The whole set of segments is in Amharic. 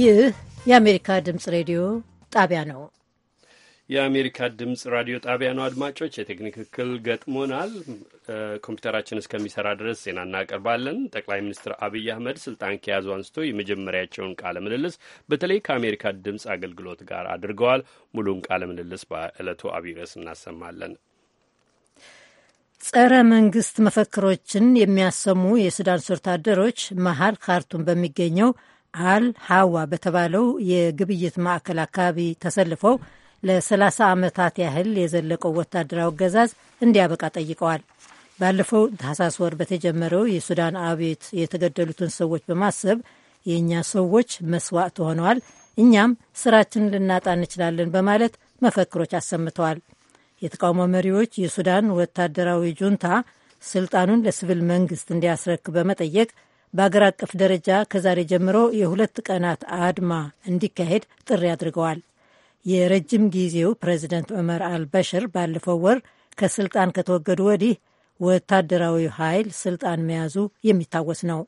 ይህ የአሜሪካ ድምፅ ሬዲዮ ጣቢያ ነው። የአሜሪካ ድምፅ ራዲዮ ጣቢያ ነው። አድማጮች የቴክኒክ እክል ገጥሞናል። ኮምፒውተራችን እስከሚሰራ ድረስ ዜና እናቀርባለን። ጠቅላይ ሚኒስትር አብይ አህመድ ስልጣን ከያዙ አንስቶ የመጀመሪያቸውን ቃለ ምልልስ በተለይ ከአሜሪካ ድምፅ አገልግሎት ጋር አድርገዋል። ሙሉን ቃለ ምልልስ በዕለቱ አብይ ርዕስ እናሰማለን። ጸረ መንግስት መፈክሮችን የሚያሰሙ የሱዳን ወታደሮች መሀል ካርቱም በሚገኘው አል ሃዋ በተባለው የግብይት ማዕከል አካባቢ ተሰልፈው ለ30 ዓመታት ያህል የዘለቀው ወታደራዊ አገዛዝ እንዲያበቃ ጠይቀዋል። ባለፈው ታህሳስ ወር በተጀመረው የሱዳን አብዮት የተገደሉትን ሰዎች በማሰብ የእኛ ሰዎች መስዋዕት ሆነዋል፣ እኛም ስራችንን ልናጣ እንችላለን በማለት መፈክሮች አሰምተዋል። የተቃውሞ መሪዎች የሱዳን ወታደራዊ ጁንታ ስልጣኑን ለሲቪል መንግስት እንዲያስረክብ በመጠየቅ በአገር አቀፍ ደረጃ ከዛሬ ጀምሮ የሁለት ቀናት አድማ እንዲካሄድ ጥሪ አድርገዋል። የረጅም ጊዜው ፕሬዚደንት ዑመር አልበሽር ባለፈው ወር ከስልጣን ከተወገዱ ወዲህ ወታደራዊ ኃይል ስልጣን መያዙ የሚታወስ ነው።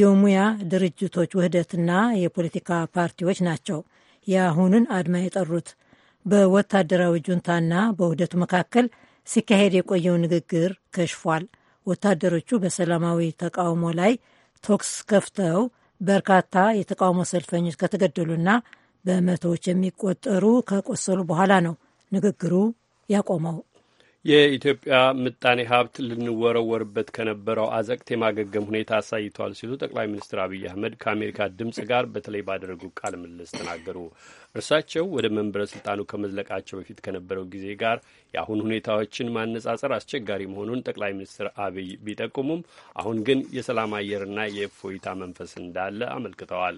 የሙያ ድርጅቶች ውህደትና የፖለቲካ ፓርቲዎች ናቸው የአሁኑን አድማ የጠሩት። በወታደራዊ ጁንታና በውህደቱ መካከል ሲካሄድ የቆየው ንግግር ከሽፏል። ወታደሮቹ በሰላማዊ ተቃውሞ ላይ ተኩስ ከፍተው በርካታ የተቃውሞ ሰልፈኞች ከተገደሉና በመቶዎች የሚቆጠሩ ከቆሰሉ በኋላ ነው ንግግሩ ያቆመው። የኢትዮጵያ ምጣኔ ሀብት ልንወረወርበት ከነበረው አዘቅት የማገገም ሁኔታ አሳይቷል ሲሉ ጠቅላይ ሚኒስትር አብይ አህመድ ከአሜሪካ ድምጽ ጋር በተለይ ባደረጉ ቃለ ምልልስ ተናገሩ። እርሳቸው ወደ መንበረ ስልጣኑ ከመዝለቃቸው በፊት ከነበረው ጊዜ ጋር የአሁን ሁኔታዎችን ማነጻጸር አስቸጋሪ መሆኑን ጠቅላይ ሚኒስትር አብይ ቢጠቁሙም አሁን ግን የሰላም አየርና የእፎይታ መንፈስ እንዳለ አመልክተዋል።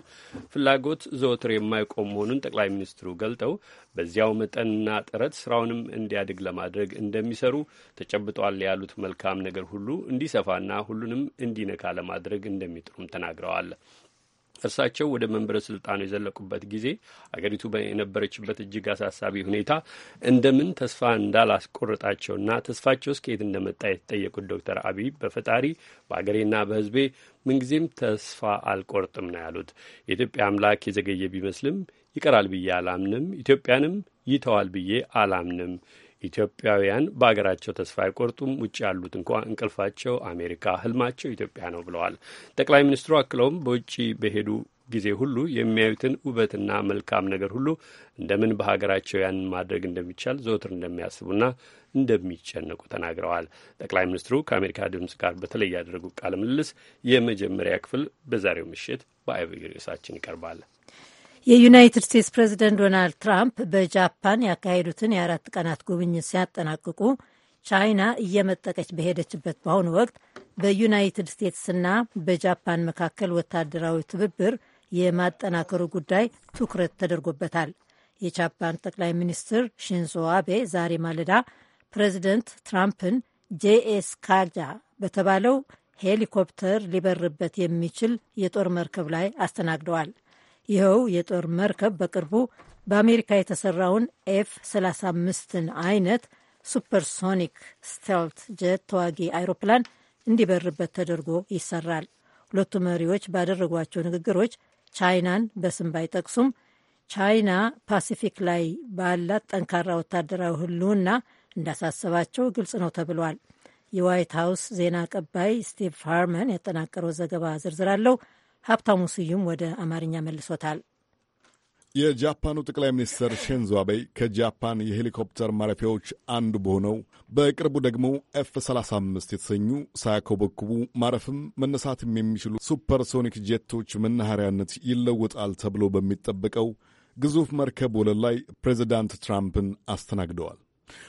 ፍላጎት ዘወትር የማይቆም መሆኑን ጠቅላይ ሚኒስትሩ ገልጠው በዚያው መጠንና ጥረት ስራውንም እንዲያድግ ለማድረግ እንደሚሰሩ ተጨብጧል ያሉት መልካም ነገር ሁሉ እንዲሰፋና ሁሉንም እንዲነካ ለማድረግ እንደሚጥሩም ተናግረዋል። እርሳቸው ወደ መንበረ ስልጣኑ የዘለቁበት ጊዜ አገሪቱ የነበረችበት እጅግ አሳሳቢ ሁኔታ እንደምን ተስፋ እንዳላስቆረጣቸውና ተስፋቸው እስከ የት እንደመጣ የተጠየቁት ዶክተር አብይ በፈጣሪ በአገሬና በሕዝቤ ምንጊዜም ተስፋ አልቆርጥም ነው ያሉት። የኢትዮጵያ አምላክ የዘገየ ቢመስልም ይቀራል ብዬ አላምንም፣ ኢትዮጵያንም ይተዋል ብዬ አላምንም ኢትዮጵያውያን በሀገራቸው ተስፋ አይቆርጡም፣ ውጭ ያሉት እንኳ እንቅልፋቸው አሜሪካ፣ ህልማቸው ኢትዮጵያ ነው ብለዋል። ጠቅላይ ሚኒስትሩ አክለውም በውጭ በሄዱ ጊዜ ሁሉ የሚያዩትን ውበትና መልካም ነገር ሁሉ እንደምን በሀገራቸው ያንን ማድረግ እንደሚቻል ዘወትር እንደሚያስቡና እንደሚጨነቁ ተናግረዋል። ጠቅላይ ሚኒስትሩ ከአሜሪካ ድምፅ ጋር በተለይ ያደረጉት ቃለ ምልልስ የመጀመሪያ ክፍል በዛሬው ምሽት በአብይ ርዕሳችን ይቀርባል። የዩናይትድ ስቴትስ ፕሬዚደንት ዶናልድ ትራምፕ በጃፓን ያካሄዱትን የአራት ቀናት ጉብኝት ሲያጠናቅቁ ቻይና እየመጠቀች በሄደችበት በአሁኑ ወቅት በዩናይትድ ስቴትስና በጃፓን መካከል ወታደራዊ ትብብር የማጠናከሩ ጉዳይ ትኩረት ተደርጎበታል። የጃፓን ጠቅላይ ሚኒስትር ሺንዞ አቤ ዛሬ ማለዳ ፕሬዚደንት ትራምፕን ጄኤስ ካጃ በተባለው ሄሊኮፕተር ሊበርበት የሚችል የጦር መርከብ ላይ አስተናግደዋል። ይኸው የጦር መርከብ በቅርቡ በአሜሪካ የተሰራውን ኤፍ 35ን አይነት ሱፐርሶኒክ ስቴልት ጀት ተዋጊ አይሮፕላን እንዲበርበት ተደርጎ ይሰራል። ሁለቱ መሪዎች ባደረጓቸው ንግግሮች ቻይናን በስም ባይጠቅሱም ቻይና ፓሲፊክ ላይ ባላት ጠንካራ ወታደራዊ ሕልውና እንዳሳሰባቸው ግልጽ ነው ተብሏል። የዋይት ሀውስ ዜና አቀባይ ስቲቭ ሃርመን ያጠናቀረው ዘገባ ዝርዝር አለው። ሀብታሙ ስዩም ወደ አማርኛ መልሶታል። የጃፓኑ ጠቅላይ ሚኒስትር ሼንዞ አቤይ ከጃፓን የሄሊኮፕተር ማረፊያዎች አንዱ በሆነው በቅርቡ ደግሞ ኤፍ 35 የተሰኙ ሳያኮበኩቡ ማረፍም መነሳትም የሚችሉ ሱፐርሶኒክ ጄቶች መናኸሪያነት ይለወጣል ተብሎ በሚጠበቀው ግዙፍ መርከብ ወለል ላይ ፕሬዚዳንት ትራምፕን አስተናግደዋል።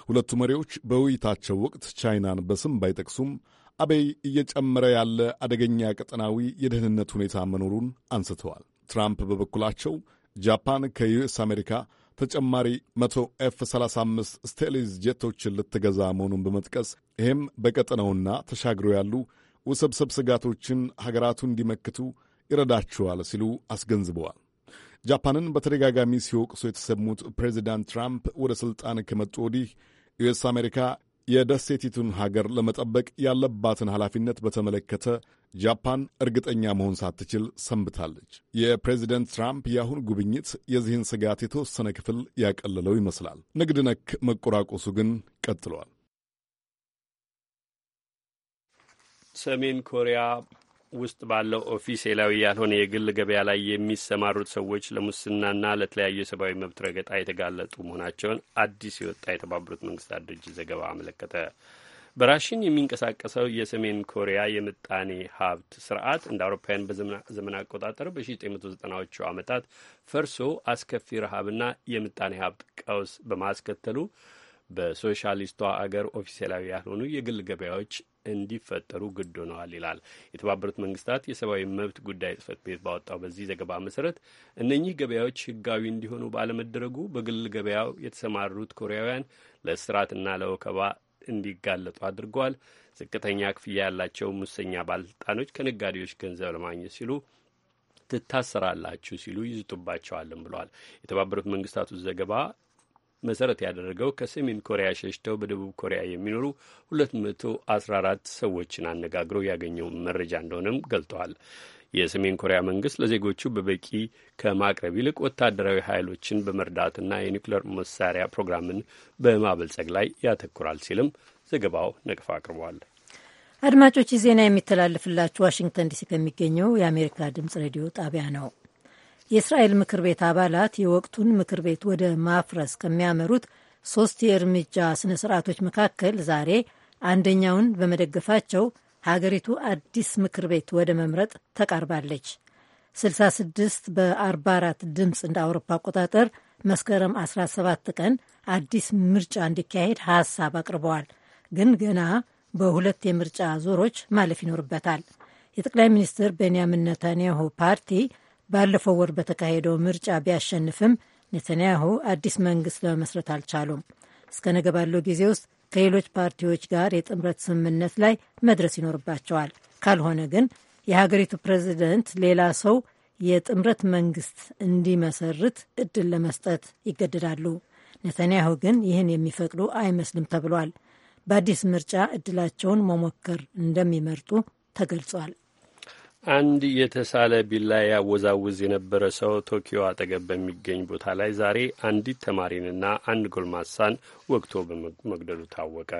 ሁለቱ መሪዎች በውይይታቸው ወቅት ቻይናን በስም ባይጠቅሱም አቤይ እየጨመረ ያለ አደገኛ ቀጠናዊ የደህንነት ሁኔታ መኖሩን አንስተዋል። ትራምፕ በበኩላቸው ጃፓን ከዩኤስ አሜሪካ ተጨማሪ 100 ኤፍ 35 ስቴሊዝ ጀቶችን ልትገዛ መሆኑን በመጥቀስ ይህም በቀጠናውና ተሻግረው ያሉ ውስብስብ ስጋቶችን ሀገራቱ እንዲመክቱ ይረዳቸዋል ሲሉ አስገንዝበዋል። ጃፓንን በተደጋጋሚ ሲወቅሱ የተሰሙት ፕሬዚዳንት ትራምፕ ወደ ሥልጣን ከመጡ ወዲህ ዩኤስ አሜሪካ የደሴቲቱን ሀገር ለመጠበቅ ያለባትን ኃላፊነት በተመለከተ ጃፓን እርግጠኛ መሆን ሳትችል ሰንብታለች። የፕሬዚደንት ትራምፕ የአሁን ጉብኝት የዚህን ስጋት የተወሰነ ክፍል ያቀለለው ይመስላል። ንግድ ነክ መቆራቆሱ ግን ቀጥሏል። ሰሜን ኮሪያ ውስጥ ባለው ኦፊሴላዊ ያልሆነ የግል ገበያ ላይ የሚሰማሩት ሰዎች ለሙስናና ለተለያዩ የሰብአዊ መብት ረገጣ የተጋለጡ መሆናቸውን አዲስ የወጣ የተባበሩት መንግስታት ድርጅት ዘገባ አመለከተ። በራሽን የሚንቀሳቀሰው የሰሜን ኮሪያ የምጣኔ ሀብት ስርዓት እንደ አውሮፓውያን በዘመን አቆጣጠር በ1990ዎቹ ዓመታት ፈርሶ አስከፊ ረሃብና የምጣኔ ሀብት ቀውስ በማስከተሉ በሶሻሊስቷ አገር ኦፊሴላዊ ያልሆኑ የግል ገበያዎች እንዲፈጠሩ ግድ ሆነዋል ይላል። የተባበሩት መንግስታት የሰብአዊ መብት ጉዳይ ጽህፈት ቤት ባወጣው በዚህ ዘገባ መሰረት እነኚህ ገበያዎች ህጋዊ እንዲሆኑ ባለመደረጉ በግል ገበያው የተሰማሩት ኮሪያውያን ለእስራትና ለወከባ እንዲጋለጡ አድርገዋል። ዝቅተኛ ክፍያ ያላቸው ሙሰኛ ባለስልጣኖች ከነጋዴዎች ገንዘብ ለማግኘት ሲሉ ትታሰራላችሁ ሲሉ ይዝጡባቸዋልም ብለዋል። የተባበሩት መንግስታቱ ዘገባ መሰረት ያደረገው ከሰሜን ኮሪያ ሸሽተው በደቡብ ኮሪያ የሚኖሩ 214 ሰዎችን አነጋግሮ ያገኘው መረጃ እንደሆነም ገልጠዋል። የሰሜን ኮሪያ መንግስት ለዜጎቹ በበቂ ከማቅረብ ይልቅ ወታደራዊ ኃይሎችን በመርዳትና የኒውክሌር መሳሪያ ፕሮግራምን በማበልጸግ ላይ ያተኩራል ሲልም ዘገባው ነቅፋ አቅርቧል። አድማጮች፣ ዜና የሚተላለፍላችሁ ዋሽንግተን ዲሲ ከሚገኘው የአሜሪካ ድምጽ ሬዲዮ ጣቢያ ነው። የእስራኤል ምክር ቤት አባላት የወቅቱን ምክር ቤት ወደ ማፍረስ ከሚያመሩት ሶስት የእርምጃ ስነ ስርዓቶች መካከል ዛሬ አንደኛውን በመደገፋቸው ሀገሪቱ አዲስ ምክር ቤት ወደ መምረጥ ተቃርባለች። 66 በ44 ድምፅ እንደ አውሮፓ አቆጣጠር መስከረም 17 ቀን አዲስ ምርጫ እንዲካሄድ ሀሳብ አቅርበዋል። ግን ገና በሁለት የምርጫ ዞሮች ማለፍ ይኖርበታል። የጠቅላይ ሚኒስትር ቤንያሚን ነታንያሁ ፓርቲ ባለፈው ወር በተካሄደው ምርጫ ቢያሸንፍም ኔተንያሁ አዲስ መንግስት ለመመስረት አልቻሉም። እስከ ነገ ባለው ጊዜ ውስጥ ከሌሎች ፓርቲዎች ጋር የጥምረት ስምምነት ላይ መድረስ ይኖርባቸዋል። ካልሆነ ግን የሀገሪቱ ፕሬዚደንት ሌላ ሰው የጥምረት መንግስት እንዲመሰርት እድል ለመስጠት ይገደዳሉ። ኔታንያሁ ግን ይህን የሚፈቅዱ አይመስልም ተብሏል። በአዲስ ምርጫ እድላቸውን መሞከር እንደሚመርጡ ተገልጿል። አንድ የተሳለ ቢላ ያወዛውዝ የነበረ ሰው ቶኪዮ አጠገብ በሚገኝ ቦታ ላይ ዛሬ አንዲት ተማሪንና አንድ ጎልማሳን ወግቶ በመግደሉ ታወቀ።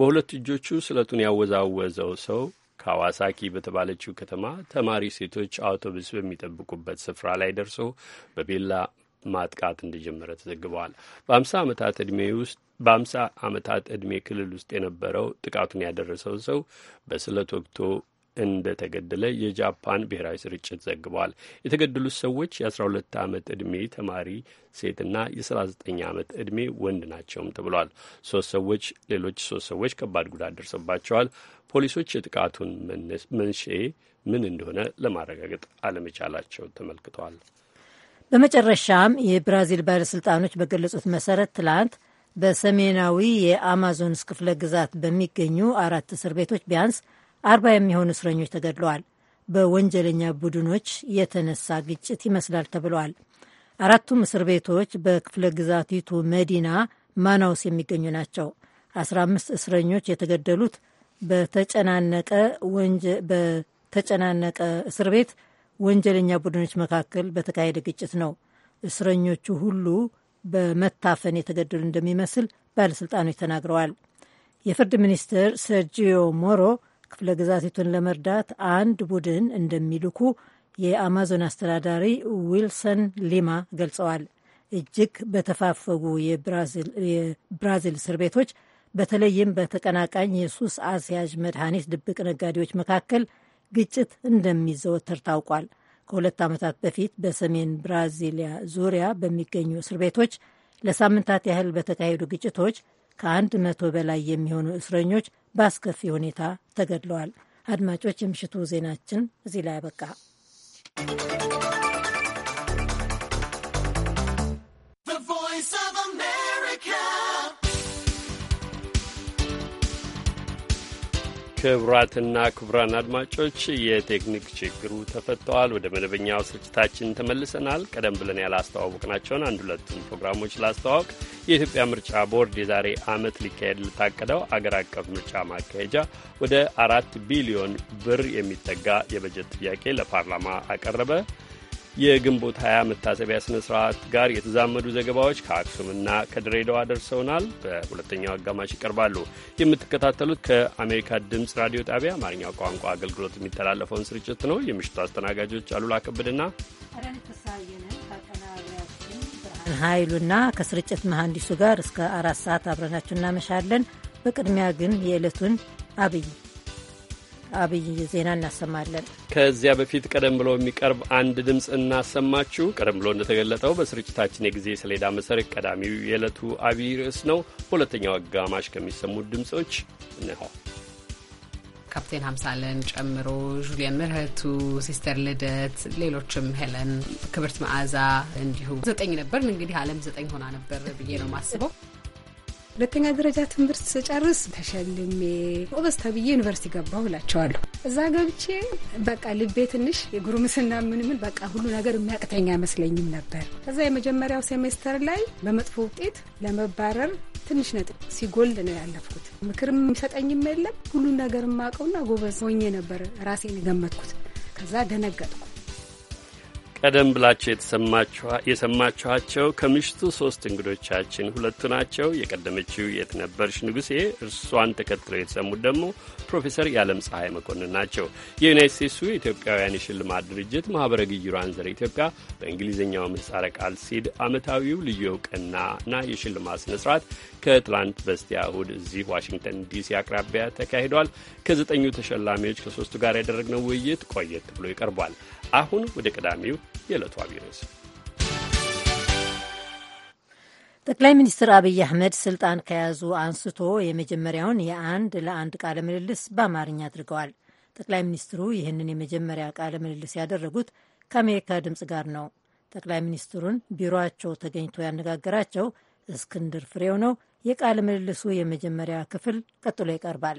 በሁለት እጆቹ ስለቱን ያወዛወዘው ሰው ካዋሳኪ በተባለችው ከተማ ተማሪ ሴቶች አውቶቡስ በሚጠብቁበት ስፍራ ላይ ደርሶ በቢላ ማጥቃት እንደጀመረ ተዘግበዋል። በአምሳ ዓመታት ዕድሜ ውስጥ በአምሳ ዓመታት ዕድሜ ክልል ውስጥ የነበረው ጥቃቱን ያደረሰው ሰው በስለት ወግቶ እንደተገደለ የጃፓን ብሔራዊ ስርጭት ዘግቧል። የተገደሉት ሰዎች የ12 ዓመት ዕድሜ ተማሪ ሴትና የ39 ዓመት ዕድሜ ወንድ ናቸውም ተብሏል። ሶስት ሰዎች ሌሎች ሶስት ሰዎች ከባድ ጉዳት ደርሰባቸዋል። ፖሊሶች የጥቃቱን መንስኤ ምን እንደሆነ ለማረጋገጥ አለመቻላቸው ተመልክቷል። በመጨረሻም የብራዚል ባለሥልጣኖች በገለጹት መሠረት ትላንት በሰሜናዊ የአማዞንስ ክፍለ ግዛት በሚገኙ አራት እስር ቤቶች ቢያንስ አርባ የሚሆኑ እስረኞች ተገድለዋል። በወንጀለኛ ቡድኖች የተነሳ ግጭት ይመስላል ተብለዋል። አራቱም እስር ቤቶች በክፍለ ግዛቲቱ መዲና ማናውስ የሚገኙ ናቸው። አስራ አምስት እስረኞች የተገደሉት በተጨናነቀ በተጨናነቀ እስር ቤት ወንጀለኛ ቡድኖች መካከል በተካሄደ ግጭት ነው። እስረኞቹ ሁሉ በመታፈን የተገደሉ እንደሚመስል ባለሥልጣኖች ተናግረዋል። የፍርድ ሚኒስትር ሰርጂዮ ሞሮ ክፍለ ግዛቲቱን ለመርዳት አንድ ቡድን እንደሚልኩ የአማዞን አስተዳዳሪ ዊልሰን ሊማ ገልጸዋል። እጅግ በተፋፈጉ የብራዚል እስር ቤቶች በተለይም በተቀናቃኝ የሱስ አስያዥ መድኃኒት ድብቅ ነጋዴዎች መካከል ግጭት እንደሚዘወተር ታውቋል። ከሁለት ዓመታት በፊት በሰሜን ብራዚሊያ ዙሪያ በሚገኙ እስር ቤቶች ለሳምንታት ያህል በተካሄዱ ግጭቶች ከአንድ መቶ በላይ የሚሆኑ እስረኞች በአስከፊ ሁኔታ ተገድለዋል። አድማጮች፣ የምሽቱ ዜናችን እዚህ ላይ አበቃ። ክቡራትና ክቡራን አድማጮች የቴክኒክ ችግሩ ተፈተዋል። ወደ መደበኛው ስርጭታችን ተመልሰናል። ቀደም ብለን ያላስተዋወቅናቸውን አንድ ሁለቱን ፕሮግራሞች ላስተዋወቅ። የኢትዮጵያ ምርጫ ቦርድ የዛሬ ዓመት ሊካሄድ ልታቀደው አገር አቀፍ ምርጫ ማካሄጃ ወደ አራት ቢሊዮን ብር የሚጠጋ የበጀት ጥያቄ ለፓርላማ አቀረበ። የግንቦት 20 መታሰቢያ ስነ ስርዓት ጋር የተዛመዱ ዘገባዎች ከአክሱምና ከድሬዳዋ ደርሰውናል። በሁለተኛው አጋማሽ ይቀርባሉ። የምትከታተሉት ከአሜሪካ ድምፅ ራዲዮ ጣቢያ አማርኛ ቋንቋ አገልግሎት የሚተላለፈውን ስርጭት ነው። የምሽቱ አስተናጋጆች አሉላ ከበደና ኃይሉና ከስርጭት መሐንዲሱ ጋር እስከ አራት ሰዓት አብረናችሁ እናመሻለን። በቅድሚያ ግን የዕለቱን አብይ አብይ ዜና እናሰማለን። ከዚያ በፊት ቀደም ብሎ የሚቀርብ አንድ ድምፅ እናሰማችሁ። ቀደም ብሎ እንደተገለጠው በስርጭታችን የጊዜ ሰሌዳ መሰረት ቀዳሚው የዕለቱ አብይ ርዕስ ነው። በሁለተኛው አጋማሽ ከሚሰሙት ድምፆች እንሆ ካፕቴን ሀምሳለን ጨምሮ ዡሊያን ምርህቱ፣ ሲስተር ልደት፣ ሌሎችም ሄለን፣ ክብርት መዓዛ እንዲሁም ዘጠኝ ነበር። እንግዲህ አለም ዘጠኝ ሆና ነበር ብዬ ነው የማስበው። ሁለተኛ ደረጃ ትምህርት ስጨርስ ተሸልሜ ጎበዝ ተብዬ ዩኒቨርሲቲ ገባሁ እላቸዋለሁ። እዛ ገብቼ በቃ ልቤ ትንሽ የጉርምስና ምንምን በቃ ሁሉ ነገር የሚያቅተኝ አይመስለኝም ነበር። ከዛ የመጀመሪያው ሴሜስተር ላይ በመጥፎ ውጤት ለመባረር ትንሽ ነጥብ ሲጎልድ ነው ያለፍኩት። ምክርም የሚሰጠኝም የለም ሁሉን ነገር የማውቀውና ጎበዝ ሆኜ ነበር ራሴን የገመትኩት። ከዛ ደነገጥኩ። ቀደም ብላቸው የሰማችኋቸው ከምሽቱ ሶስት እንግዶቻችን ሁለቱ ናቸው። የቀደመችው የት ነበርሽ ንጉሴ፣ እርሷን ተከትለው የተሰሙት ደግሞ ፕሮፌሰር የዓለም ፀሐይ መኮንን ናቸው። የዩናይት ስቴትሱ የኢትዮጵያውያን የሽልማት ድርጅት ማኅበረ ግይሯ ዘር ኢትዮጵያ በእንግሊዝኛው ምህጻረ ቃል ሲድ ዓመታዊው ልዩ እውቅናና የሽልማት ስነ ስርዓት ከትላንት በስቲያ እሁድ እዚህ ዋሽንግተን ዲሲ አቅራቢያ ተካሂዷል። ከዘጠኙ ተሸላሚዎች ከሶስቱ ጋር ያደረግነው ውይይት ቆየት ብሎ ይቀርቧል። አሁን ወደ ቀዳሚው የዕለቱ አብይ ጠቅላይ ሚኒስትር አብይ አህመድ ስልጣን ከያዙ አንስቶ የመጀመሪያውን የአንድ ለአንድ ቃለ ምልልስ በአማርኛ አድርገዋል። ጠቅላይ ሚኒስትሩ ይህንን የመጀመሪያ ቃለ ምልልስ ያደረጉት ከአሜሪካ ድምፅ ጋር ነው። ጠቅላይ ሚኒስትሩን ቢሮቸው ተገኝቶ ያነጋገራቸው እስክንድር ፍሬው ነው። የቃለ ምልልሱ የመጀመሪያ ክፍል ቀጥሎ ይቀርባል።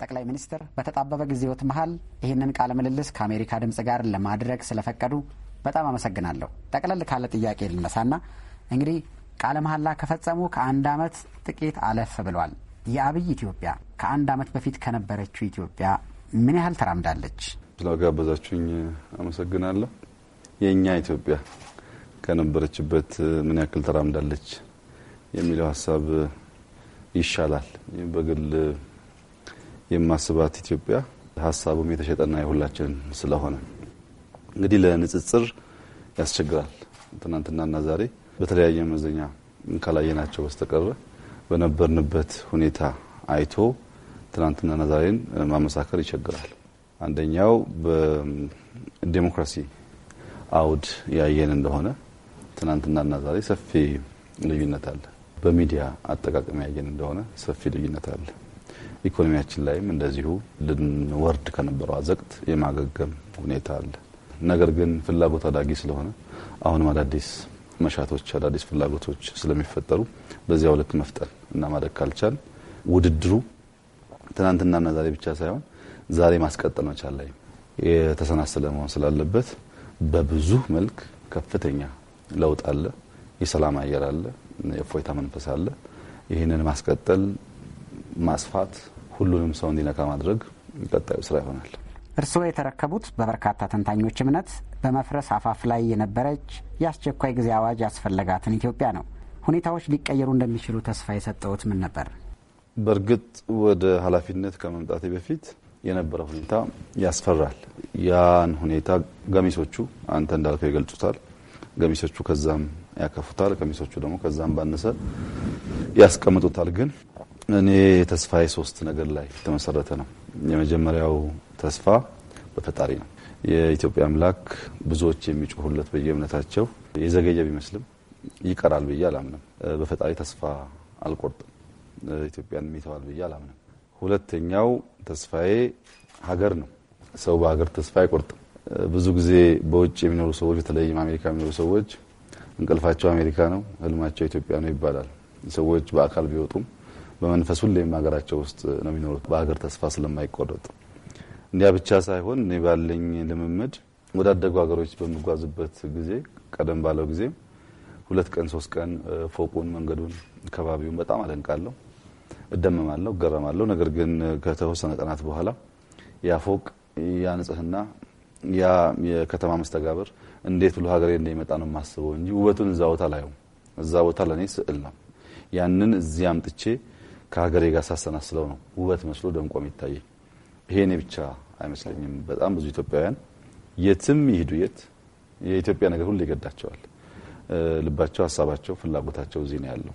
ጠቅላይ ሚኒስትር በተጣበበ ጊዜዎት መሀል ይህንን ቃለ ምልልስ ከአሜሪካ ድምፅ ጋር ለማድረግ ስለፈቀዱ በጣም አመሰግናለሁ። ጠቅለል ካለ ጥያቄ ልነሳና እንግዲህ ቃለ መሐላ ከፈጸሙ ከአንድ ዓመት ጥቂት አለፍ ብሏል። የአብይ ኢትዮጵያ ከአንድ ዓመት በፊት ከነበረችው ኢትዮጵያ ምን ያህል ተራምዳለች? ስለጋበዛችሁኝ አመሰግናለሁ። የእኛ ኢትዮጵያ ከነበረችበት ምን ያክል ተራምዳለች የሚለው ሀሳብ ይሻላል በግል የማስባት ኢትዮጵያ ሀሳቡም የተሸጠና የሁላችን ስለሆነ እንግዲህ ለንጽጽር ያስቸግራል። ትናንትናና ዛሬ በተለያየ መዘኛ ካላየናቸው በስተቀረ በነበርንበት ሁኔታ አይቶ ትናንትናና ዛሬን ማመሳከር ይቸግራል። አንደኛው በዴሞክራሲ አውድ ያየን እንደሆነ ትናንትናና ዛሬ ሰፊ ልዩነት አለ። በሚዲያ አጠቃቀም ያየን እንደሆነ ሰፊ ልዩነት አለ። ኢኮኖሚያችን ላይም እንደዚሁ ልንወርድ ከነበረው አዘቅት የማገገም ሁኔታ አለ። ነገር ግን ፍላጎት አዳጊ ስለሆነ አሁንም አዳዲስ መሻቶች፣ አዳዲስ ፍላጎቶች ስለሚፈጠሩ በዚያው ልክ መፍጠን እና ማደግ ካልቻል ውድድሩ ትናንትናና ዛሬ ብቻ ሳይሆን ዛሬ ማስቀጠል መቻል ላይ የተሰናሰለ መሆን ስላለበት በብዙ መልክ ከፍተኛ ለውጥ አለ። የሰላም አየር አለ። የእፎይታ መንፈስ አለ። ይህንን ማስቀጠል ማስፋት ሁሉንም ሰው እንዲነካ ማድረግ ቀጣዩ ስራ ይሆናል። እርስዎ የተረከቡት በበርካታ ተንታኞች እምነት በመፍረስ አፋፍ ላይ የነበረች የአስቸኳይ ጊዜ አዋጅ ያስፈለጋትን ኢትዮጵያ ነው። ሁኔታዎች ሊቀየሩ እንደሚችሉ ተስፋ የሰጠውት ምን ነበር? በእርግጥ ወደ ኃላፊነት ከመምጣቴ በፊት የነበረ ሁኔታ ያስፈራል። ያን ሁኔታ ገሚሶቹ አንተ እንዳልከው ይገልጹታል። ገሚሶቹ ከዛም ያከፉታል። ገሚሶቹ ደግሞ ከዛም ባነሰ ያስቀምጡታል ግን እኔ ተስፋዬ ሶስት ነገር ላይ የተመሰረተ ነው። የመጀመሪያው ተስፋ በፈጣሪ ነው። የኢትዮጵያ አምላክ ብዙዎች የሚጮሁለት በየእምነታቸው የዘገየ ቢመስልም ይቀራል ብዬ አላምንም። በፈጣሪ ተስፋ አልቆርጥም። ኢትዮጵያን የሚተዋል ብዬ አላምንም። ሁለተኛው ተስፋዬ ሀገር ነው። ሰው በሀገር ተስፋ አይቆርጥም። ብዙ ጊዜ በውጭ የሚኖሩ ሰዎች በተለይም አሜሪካ የሚኖሩ ሰዎች እንቅልፋቸው አሜሪካ ነው፣ ህልማቸው ኢትዮጵያ ነው ይባላል። ሰዎች በአካል ቢወጡም በመንፈስ ሁሌም ሀገራቸው ውስጥ ነው የሚኖሩት። በሀገር ተስፋ ስለማይቆረጥ እንዲያ ብቻ ሳይሆን እኔ ባለኝ ልምምድ ወዳደጉ ሀገሮች በምጓዝበት ጊዜ ቀደም ባለው ጊዜ ሁለት ቀን ሶስት ቀን ፎቁን፣ መንገዱን፣ ከባቢውን በጣም አደንቃለሁ፣ እደመማለሁ፣ እገረማለሁ። ነገር ግን ከተወሰነ ቀናት በኋላ ያ ፎቅ ያ ንጽህና ያ የከተማ መስተጋብር እንዴት ብሎ ሀገሬ እንደሚመጣ ነው የማስበው እንጂ ውበቱን እዛ ቦታ ላይው እዛ ቦታ ለእኔ ስዕል ነው። ያንን እዚያ አምጥቼ ከሀገሬ ጋር ሳሰናስለው ነው ውበት መስሎ ደምቆ የሚታየኝ። ይሄ እኔ ብቻ አይመስለኝም። በጣም ብዙ ኢትዮጵያውያን የትም ይሄዱ የት የኢትዮጵያ ነገር ሁሉ ይገዳቸዋል። ልባቸው፣ ሀሳባቸው፣ ፍላጎታቸው እዚህ ነው ያለው።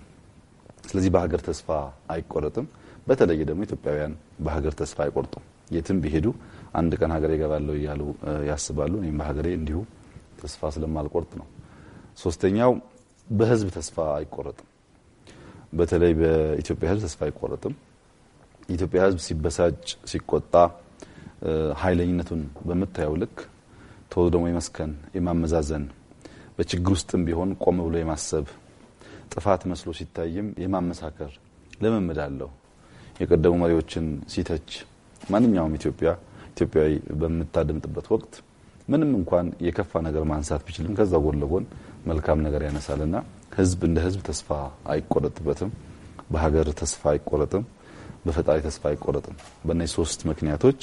ስለዚህ በሀገር ተስፋ አይቆረጥም። በተለይ ደግሞ ኢትዮጵያውያን በሀገር ተስፋ አይቆርጡም። የትም ቢሄዱ አንድ ቀን ሀገሬ እገባለሁ እያሉ ያስባሉ። እኔም በሀገሬ እንዲሁ ተስፋ ስለማልቆርጥ ነው። ሶስተኛው በህዝብ ተስፋ አይቆረጥም። በተለይ በኢትዮጵያ ህዝብ ተስፋ አይቆረጥም። የኢትዮጵያ ህዝብ ሲበሳጭ፣ ሲቆጣ ኃይለኝነቱን በምታየው ልክ ተወ ደግሞ የመስከን የማመዛዘን በችግር ውስጥም ቢሆን ቆም ብሎ የማሰብ ጥፋት መስሎ ሲታይም የማመሳከር ልምምድ አለው። የቀደሙ መሪዎችን ሲተች ማንኛውም ኢትዮጵያ ኢትዮጵያዊ በምታደምጥበት ወቅት ምንም እንኳን የከፋ ነገር ማንሳት ቢችልም ከዛ ጎን ለጎን መልካም ነገር ያነሳልና ህዝብ እንደ ህዝብ ተስፋ አይቆረጥበትም። በሀገር ተስፋ አይቆረጥም። በፈጣሪ ተስፋ አይቆረጥም። በእነዚህ ሶስት ምክንያቶች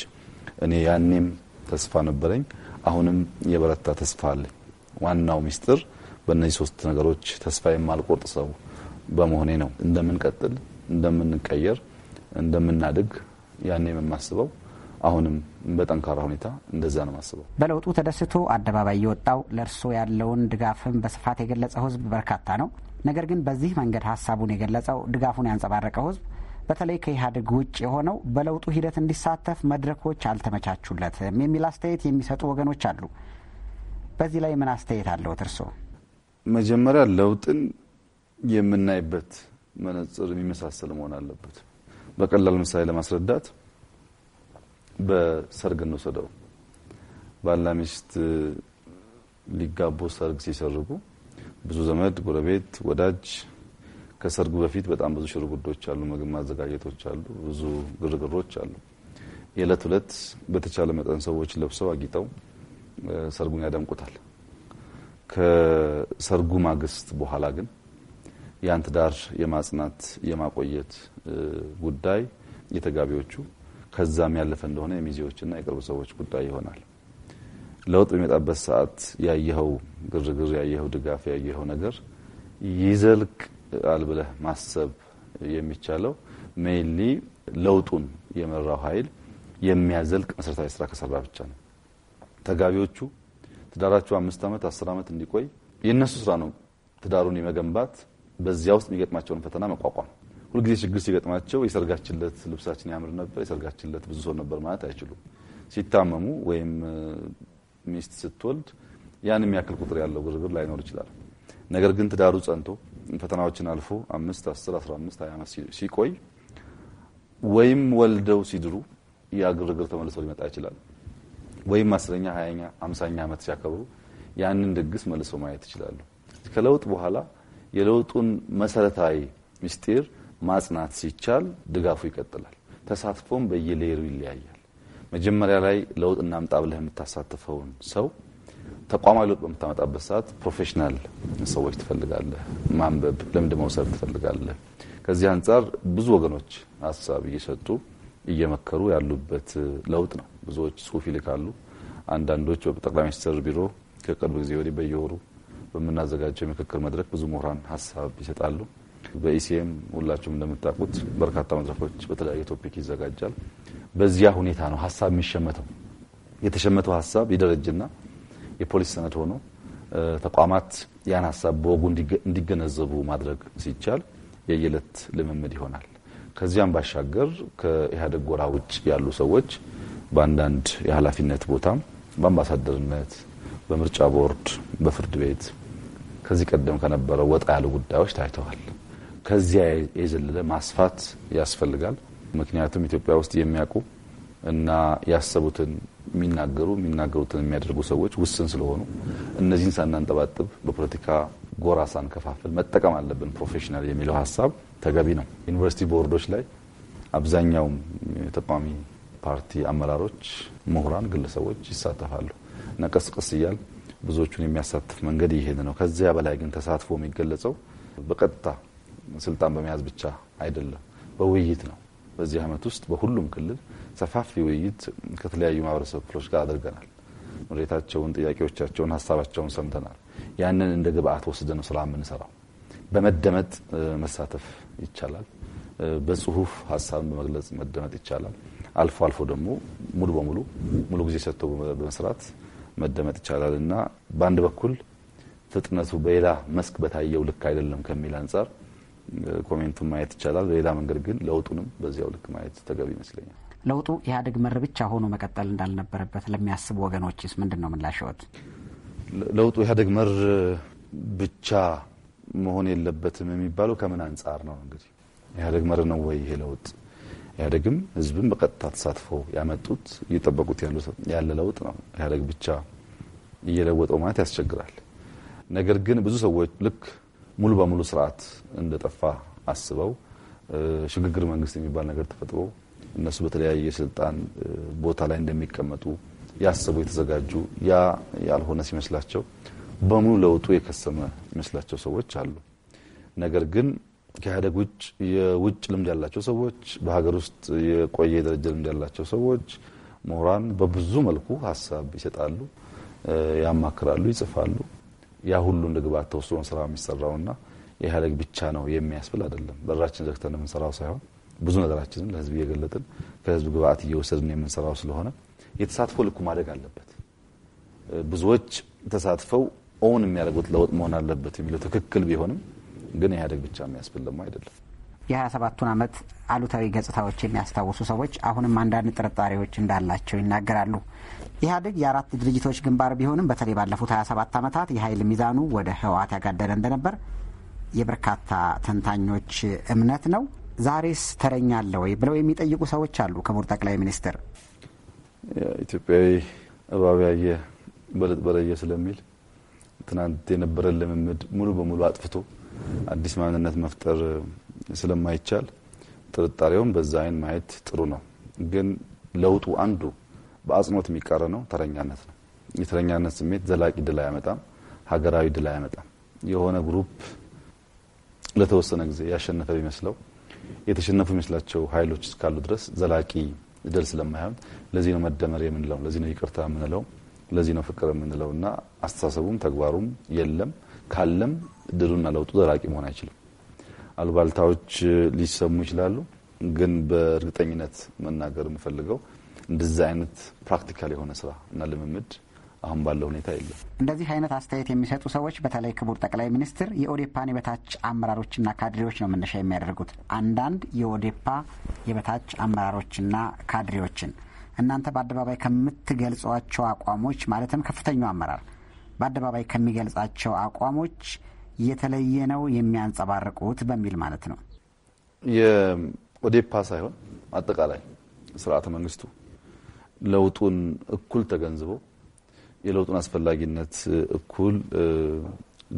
እኔ ያኔም ተስፋ ነበረኝ፣ አሁንም የበረታ ተስፋ አለኝ። ዋናው ሚስጥር በእነዚህ ሶስት ነገሮች ተስፋ የማልቆርጥ ሰው በመሆኔ ነው። እንደምንቀጥል፣ እንደምንቀየር፣ እንደምናድግ ያኔም የማስበው አሁንም በጠንካራ ሁኔታ እንደዛ ነው ማስበው። በለውጡ ተደስቶ አደባባይ የወጣው ለእርሶ ያለውን ድጋፍም በስፋት የገለጸው ህዝብ በርካታ ነው። ነገር ግን በዚህ መንገድ ሀሳቡን የገለጸው ድጋፉን ያንጸባረቀው ህዝብ በተለይ ከኢህአዴግ ውጭ የሆነው በለውጡ ሂደት እንዲሳተፍ መድረኮች አልተመቻቹለትም የሚል አስተያየት የሚሰጡ ወገኖች አሉ። በዚህ ላይ ምን አስተያየት አለዎት እርሶ? መጀመሪያ ለውጥን የምናይበት መነጽር የሚመሳሰል መሆን አለበት። በቀላል ምሳሌ ለማስረዳት በሰርግ እንወሰደው። ባልና ሚስት ሊጋቡ ሰርግ ሲሰርጉ ብዙ ዘመድ፣ ጎረቤት፣ ወዳጅ ከሰርጉ በፊት በጣም ብዙ ሽርጉዶች አሉ፣ ምግብ ማዘጋጀቶች አሉ፣ ብዙ ግርግሮች አሉ። የዕለት ሁለት በተቻለ መጠን ሰዎች ለብሰው አጊጠው ሰርጉን ያደምቁታል። ከሰርጉ ማግስት በኋላ ግን ያን ትዳር የማጽናት የማቆየት ጉዳይ የተጋቢዎቹ ከዛም ያለፈ እንደሆነ የሚዜዎችና የቅርብ ሰዎች ጉዳይ ይሆናል። ለውጥ በሚመጣበት ሰዓት ያየኸው ግርግር፣ ያየኸው ድጋፍ፣ ያየኸው ነገር ይዘልቅ አልብለህ ማሰብ የሚቻለው ሜይንሊ ለውጡን የመራው ኃይል የሚያዘልቅ መሰረታዊ ስራ ከሰራ ብቻ ነው። ተጋቢዎቹ ትዳራቸው አምስት ዓመት አስር ዓመት እንዲቆይ የእነሱ ስራ ነው። ትዳሩን የመገንባት በዚያ ውስጥ የሚገጥማቸውን ፈተና መቋቋም ሁልጊዜ ችግር ሲገጥማቸው የሰርጋችለት ልብሳችን ያምር ነበር፣ የሰርጋችለት ብዙ ሰው ነበር ማለት አይችሉም። ሲታመሙ ወይም ሚስት ስትወልድ ያን የሚያክል ቁጥር ያለው ግርግር ላይኖር ይችላል። ነገር ግን ትዳሩ ጸንቶ ፈተናዎችን አልፎ አምስት አስር አስራ አምስት ሀያ አመት ሲቆይ ወይም ወልደው ሲድሩ ያ ግርግር ተመልሶ ሊመጣ ይችላል። ወይም አስረኛ ሀያኛ አምሳኛ ዓመት ሲያከብሩ ያንን ድግስ መልሶ ማየት ይችላሉ። ከለውጥ በኋላ የለውጡን መሰረታዊ ሚስጢር ማጽናት ሲቻል ድጋፉ ይቀጥላል። ተሳትፎም በየሌሩ ይለያያል። መጀመሪያ ላይ ለውጥ እናምጣ ብለህ የምታሳትፈውን ሰው ተቋማዊ ለውጥ በምታመጣበት ሰዓት ፕሮፌሽናል ሰዎች ትፈልጋለህ። ማንበብ፣ ልምድ መውሰድ ትፈልጋለህ። ከዚህ አንጻር ብዙ ወገኖች ሀሳብ እየሰጡ እየመከሩ ያሉበት ለውጥ ነው። ብዙዎች ጽሁፍ ይልካሉ። አንዳንዶች በጠቅላይ ሚኒስትር ቢሮ ከቅርብ ጊዜ ወዲህ በየወሩ በምናዘጋጀው የምክክር መድረክ ብዙ ምሁራን ሀሳብ ይሰጣሉ። በኢሲኤም ሁላችሁም እንደምታውቁት በርካታ መድረኮች በተለያየ ቶፒክ ይዘጋጃል። በዚያ ሁኔታ ነው ሀሳብ የሚሸመተው። የተሸመተው ሀሳብ ይደረጅና የፖሊስ ሰነድ ሆኖ ተቋማት ያን ሀሳብ በወጉ እንዲገነዘቡ ማድረግ ሲቻል የየዕለት ልምምድ ይሆናል። ከዚያም ባሻገር ከኢህአዴግ ጎራ ውጭ ያሉ ሰዎች በአንዳንድ የኃላፊነት ቦታ በአምባሳደርነት፣ በምርጫ ቦርድ፣ በፍርድ ቤት ከዚህ ቀደም ከነበረው ወጣ ያሉ ጉዳዮች ታይተዋል። ከዚያ የዘለለ ማስፋት ያስፈልጋል። ምክንያቱም ኢትዮጵያ ውስጥ የሚያውቁ እና ያሰቡትን የሚናገሩ የሚናገሩትን የሚያደርጉ ሰዎች ውስን ስለሆኑ እነዚህን ሳናንጠባጥብ በፖለቲካ ጎራ ሳንከፋፍል መጠቀም አለብን። ፕሮፌሽናል የሚለው ሀሳብ ተገቢ ነው። ዩኒቨርሲቲ ቦርዶች ላይ አብዛኛውም የተቃዋሚ ፓርቲ አመራሮች፣ ምሁራን፣ ግለሰቦች ይሳተፋሉ እና ቀስ እያል ብዙዎቹን የሚያሳትፍ መንገድ ይሄን ነው። ከዚያ በላይ ግን ተሳትፎ የሚገለጸው በቀጥታ ስልጣን በመያዝ ብቻ አይደለም፣ በውይይት ነው። በዚህ አመት ውስጥ በሁሉም ክልል ሰፋፊ ውይይት ከተለያዩ ማህበረሰብ ክፍሎች ጋር አድርገናል። ምሬታቸውን፣ ጥያቄዎቻቸውን፣ ሀሳባቸውን ሰምተናል። ያንን እንደ ግብአት ወስደ ነው ስራ የምንሰራው። በመደመጥ መሳተፍ ይቻላል። በጽሁፍ ሀሳብን በመግለጽ መደመጥ ይቻላል። አልፎ አልፎ ደግሞ ሙሉ በሙሉ ሙሉ ጊዜ ሰጥቶ በመስራት መደመጥ ይቻላል እና በአንድ በኩል ፍጥነቱ በሌላ መስክ በታየው ልክ አይደለም ከሚል አንጻር ኮሜንቱን ማየት ይቻላል። በሌላ መንገድ ግን ለውጡንም በዚያው ልክ ማየት ተገቢ ይመስለኛል። ለውጡ ኢህአዴግ መር ብቻ ሆኖ መቀጠል እንዳልነበረበት ለሚያስቡ ወገኖችስ ምንድን ነው ምላሽዎት? ለውጡ ኢህአዴግ መር ብቻ መሆን የለበትም የሚባለው ከምን አንጻር ነው? እንግዲህ ኢህአዴግ መር ነው ወይ ይሄ ለውጥ? ኢህአዴግም ህዝብም በቀጥታ ተሳትፎ ያመጡት እየጠበቁት ያለ ለውጥ ነው። ኢህአዴግ ብቻ እየለወጠው ማለት ያስቸግራል። ነገር ግን ብዙ ሰዎች ልክ ሙሉ በሙሉ ስርዓት እንደጠፋ አስበው ሽግግር መንግስት የሚባል ነገር ተፈጥሮ እነሱ በተለያየ የስልጣን ቦታ ላይ እንደሚቀመጡ ያሰቡ የተዘጋጁ ያ ያልሆነ ሲመስላቸው በሙሉ ለውጡ የከሰመ ይመስላቸው ሰዎች አሉ። ነገር ግን ከኢህአዴግ ውጭ የውጭ ልምድ ያላቸው ሰዎች፣ በሀገር ውስጥ የቆየ ደረጃ ልምድ ያላቸው ሰዎች፣ ምሁራን በብዙ መልኩ ሀሳብ ይሰጣሉ፣ ያማክራሉ፣ ይጽፋሉ። ያ ሁሉ እንደ ግብአት ተወስዶ ስራ የሚሰራውና የኢህአዴግ ብቻ ነው የሚያስብል አይደለም። በራችን ዘግተን የምንሰራው ሳይሆን ብዙ ነገራችንን ለህዝብ እየገለጥን ከህዝብ ግብአት እየወሰድን የምንሰራው ስለሆነ የተሳትፎ ልኩ ማደግ አለበት። ብዙዎች ተሳትፈው ኦውን የሚያደርጉት ለውጥ መሆን አለበት የሚለው ትክክል ቢሆንም ግን ኢህአዴግ ብቻ የሚያስብል ደግሞ አይደለም። የ27ቱን ዓመት አሉታዊ ገጽታዎች የሚያስታውሱ ሰዎች አሁንም አንዳንድ ጥርጣሬዎች እንዳላቸው ይናገራሉ። ኢህአዴግ የአራት ድርጅቶች ግንባር ቢሆንም በተለይ ባለፉት 27 ዓመታት የኃይል ሚዛኑ ወደ ህወሓት ያጋደለ እንደነበር የበርካታ ተንታኞች እምነት ነው። ዛሬስ ተረኛ አለ ወይ ብለው የሚጠይቁ ሰዎች አሉ። ክቡር ጠቅላይ ሚኒስትር ኢትዮጵያዊ እባብ ያየ በለጥ በለየ ስለሚል ትናንት የነበረን ልምምድ ሙሉ በሙሉ አጥፍቶ አዲስ ማንነት መፍጠር ስለማይቻል ጥርጣሬውን በዛ አይን ማየት ጥሩ ነው። ግን ለውጡ አንዱ በአጽንኦት የሚቃረነው ተረኛነት ነው። የተረኛነት ስሜት ዘላቂ ድል አያመጣም፣ ሀገራዊ ድል አያመጣም። የሆነ ግሩፕ ለተወሰነ ጊዜ ያሸነፈ ቢመስለው የተሸነፉ ይመስላቸው ኃይሎች እስካሉ ድረስ ዘላቂ ድል ስለማይሆን ለዚህ ነው መደመር የምንለው፣ ለዚህ ነው ይቅርታ የምንለው፣ ለዚህ ነው ፍቅር የምንለው እና አስተሳሰቡም ተግባሩም የለም ካለም ድሉና ለውጡ ዘላቂ መሆን አይችልም። አሉባልታዎች ሊሰሙ ይችላሉ። ግን በእርግጠኝነት መናገር የምፈልገው እንደዚህ አይነት ፕራክቲካል የሆነ ስራ እና ልምምድ አሁን ባለው ሁኔታ የለም። እንደዚህ አይነት አስተያየት የሚሰጡ ሰዎች በተለይ ክቡር ጠቅላይ ሚኒስትር የኦዴፓን የበታች አመራሮችና ካድሬዎች ነው መነሻ የሚያደርጉት። አንዳንድ የኦዴፓ የበታች አመራሮችና ካድሬዎችን እናንተ በአደባባይ ከምትገልጿቸው አቋሞች ማለትም ከፍተኛው አመራር በአደባባይ ከሚገልጻቸው አቋሞች የተለየ ነው የሚያንጸባርቁት በሚል ማለት ነው። የኦዴፓ ሳይሆን አጠቃላይ ስርዓተ መንግስቱ ለውጡን እኩል ተገንዝቦ የለውጡን አስፈላጊነት እኩል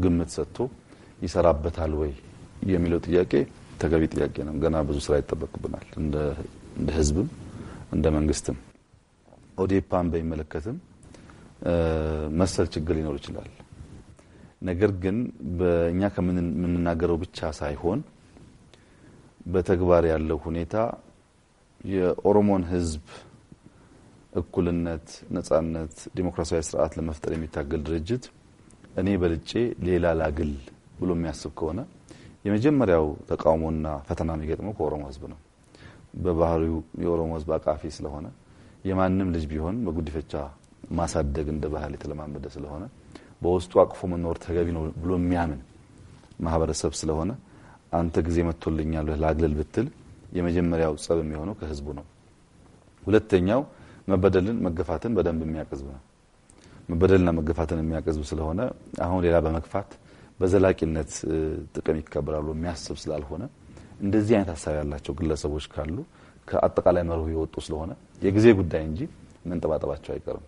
ግምት ሰጥቶ ይሰራበታል ወይ የሚለው ጥያቄ ተገቢ ጥያቄ ነው። ገና ብዙ ስራ ይጠበቅብናል እንደ ህዝብም እንደ መንግስትም። ኦዴፓን በሚመለከትም መሰል ችግር ሊኖር ይችላል። ነገር ግን በእኛ ከምንናገረው ብቻ ሳይሆን በተግባር ያለው ሁኔታ የኦሮሞን ህዝብ እኩልነት፣ ነጻነት፣ ዲሞክራሲያዊ ስርዓት ለመፍጠር የሚታገል ድርጅት እኔ በልጬ ሌላ ላግል ብሎ የሚያስብ ከሆነ የመጀመሪያው ተቃውሞና ፈተና የሚገጥመው ከኦሮሞ ህዝብ ነው። በባህሪው የኦሮሞ ህዝብ አቃፊ ስለሆነ የማንም ልጅ ቢሆን በጉዲፈቻ ማሳደግ እንደ ባህል የተለማመደ ስለሆነ በውስጡ አቅፎ መኖር ተገቢ ነው ብሎ የሚያምን ማህበረሰብ ስለሆነ አንተ ጊዜ መጥቶልኛል ላግለል ብትል የመጀመሪያው ጸብ የሚሆነው ከህዝቡ ነው። ሁለተኛው መበደልን መገፋትን በደንብ የሚያቀዝብ ነው። መበደልና መገፋትን የሚያቀዝብ ስለሆነ አሁን ሌላ በመግፋት በዘላቂነት ጥቅም ይከበራሉ የሚያስብ ስላልሆነ እንደዚህ አይነት ሀሳብ ያላቸው ግለሰቦች ካሉ ከአጠቃላይ መርሁ የወጡ ስለሆነ የጊዜ ጉዳይ እንጂ መንጠባጠባቸው አይቀርም።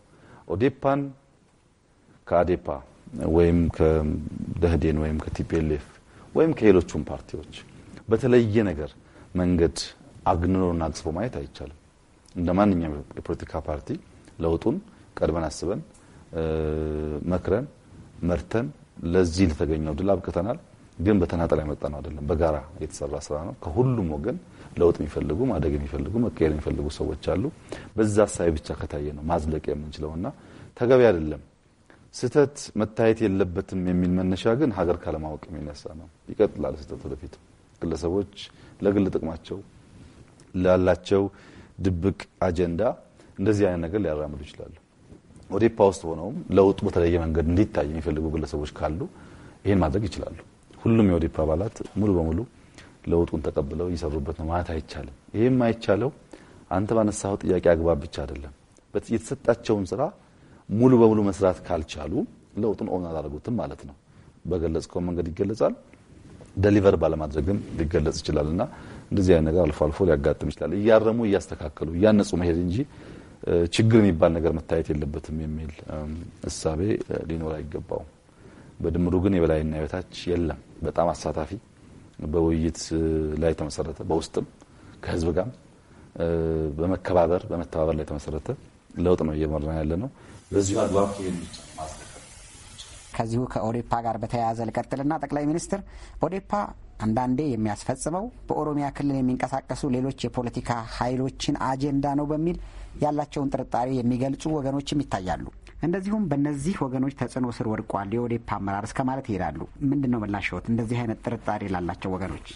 ኦዴፓን ከአዴፓ ወይም ከደህዴን ወይም ከቲፒኤልኤፍ ወይም ከሌሎቹም ፓርቲዎች በተለየ ነገር መንገድ አግንኖና አግጽፎ ማየት አይቻልም። እንደ ማንኛውም የፖለቲካ ፓርቲ ለውጡን ቀድመን አስበን መክረን መርተን ለዚህ ለተገኘው ድል አብቅተናል። ግን በተናጠል ያመጣ ነው አይደለም፣ በጋራ የተሰራ ስራ ነው። ከሁሉም ወገን ለውጥ የሚፈልጉ ማደግ የሚፈልጉ መቀየር የሚፈልጉ ሰዎች አሉ። በዛ ሳይ ብቻ ከታየ ነው ማዝለቅ የምንችለውና ተገቢ አይደለም። ስህተት መታየት የለበትም የሚል መነሻ ግን ሀገር ካለማወቅ የሚነሳ ነው። ይቀጥላል ስህተት ወደፊት ግለሰቦች ለግል ጥቅማቸው ላላቸው ድብቅ አጀንዳ እንደዚህ አይነት ነገር ሊያራምዱ ይችላሉ። ኦዴፓ ውስጥ ሆነውም ለውጡ በተለየ መንገድ እንዲታይ የሚፈልጉ ግለሰቦች ካሉ ይህን ማድረግ ይችላሉ። ሁሉም የኦዴፓ አባላት ሙሉ በሙሉ ለውጡን ተቀብለው እየሰሩበት ነው ማለት አይቻልም። ይህም አይቻለው አንተ ባነሳው ጥያቄ አግባብ ብቻ አይደለም። የተሰጣቸውን ስራ ሙሉ በሙሉ መስራት ካልቻሉ ለውጡን ኦን አላደረጉትም ማለት ነው። በገለጽከው መንገድ ይገለጻል፣ ደሊቨር ባለማድረግም ሊገለጽ ይችላል። እና እንደዚህ አይነት ነገር አልፎ አልፎ ሊያጋጥም ይችላል። እያረሙ እያስተካከሉ እያነጹ መሄድ እንጂ ችግር የሚባል ነገር መታየት የለበትም የሚል እሳቤ ሊኖር አይገባውም። በድምሩ ግን የበላይና የበታች የለም። በጣም አሳታፊ በውይይት ላይ የተመሰረተ በውስጥም ከህዝብ ጋር በመከባበር በመተባበር ላይ የተመሰረተ ለውጥ ነው እየመራ ያለ ነው። በዚሁ አግባብ ከዚሁ ከኦዴፓ ጋር በተያያዘ ልቀጥልና ጠቅላይ ሚኒስትር ኦዴፓ አንዳንዴ የሚያስፈጽመው በኦሮሚያ ክልል የሚንቀሳቀሱ ሌሎች የፖለቲካ ኃይሎችን አጀንዳ ነው በሚል ያላቸውን ጥርጣሬ የሚገልጹ ወገኖችም ይታያሉ። እንደዚሁም በእነዚህ ወገኖች ተጽዕኖ ስር ወድቋል የኦዴፓ አመራር እስከ ማለት ይሄዳሉ። ምንድን ነው ምላሽዎት? እንደዚህ አይነት ጥርጣሬ ላላቸው ወገኖች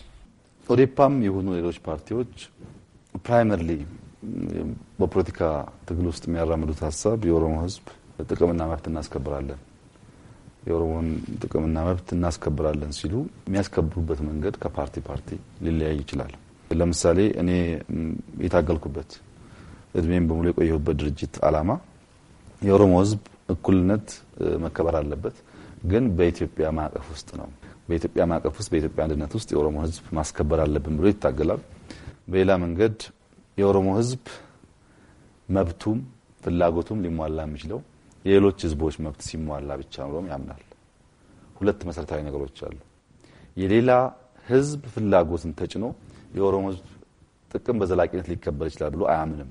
ኦዴፓም የሆኑ ሌሎች ፓርቲዎች ፕራይመሪሊ በፖለቲካ ትግል ውስጥ የሚያራምዱት ሀሳብ የኦሮሞ ህዝብ ጥቅምና መብት እናስከብራለን የኦሮሞን ጥቅምና መብት እናስከብራለን ሲሉ የሚያስከብሩበት መንገድ ከፓርቲ ፓርቲ ሊለያይ ይችላል። ለምሳሌ እኔ የታገልኩበት እድሜም በሙሉ የቆየሁበት ድርጅት አላማ የኦሮሞ ህዝብ እኩልነት መከበር አለበት፣ ግን በኢትዮጵያ ማዕቀፍ ውስጥ ነው። በኢትዮጵያ ማዕቀፍ ውስጥ በኢትዮጵያ አንድነት ውስጥ የኦሮሞ ህዝብ ማስከበር አለብን ብሎ ይታገላል። በሌላ መንገድ የኦሮሞ ህዝብ መብቱም ፍላጎቱም ሊሟላ የሚችለው የሌሎች ህዝቦች መብት ሲሟላ ብቻ ነው ብሎም ያምናል። ሁለት መሰረታዊ ነገሮች አሉ። የሌላ ህዝብ ፍላጎትን ተጭኖ የኦሮሞ ህዝብ ጥቅም በዘላቂነት ሊከበር ይችላል ብሎ አያምንም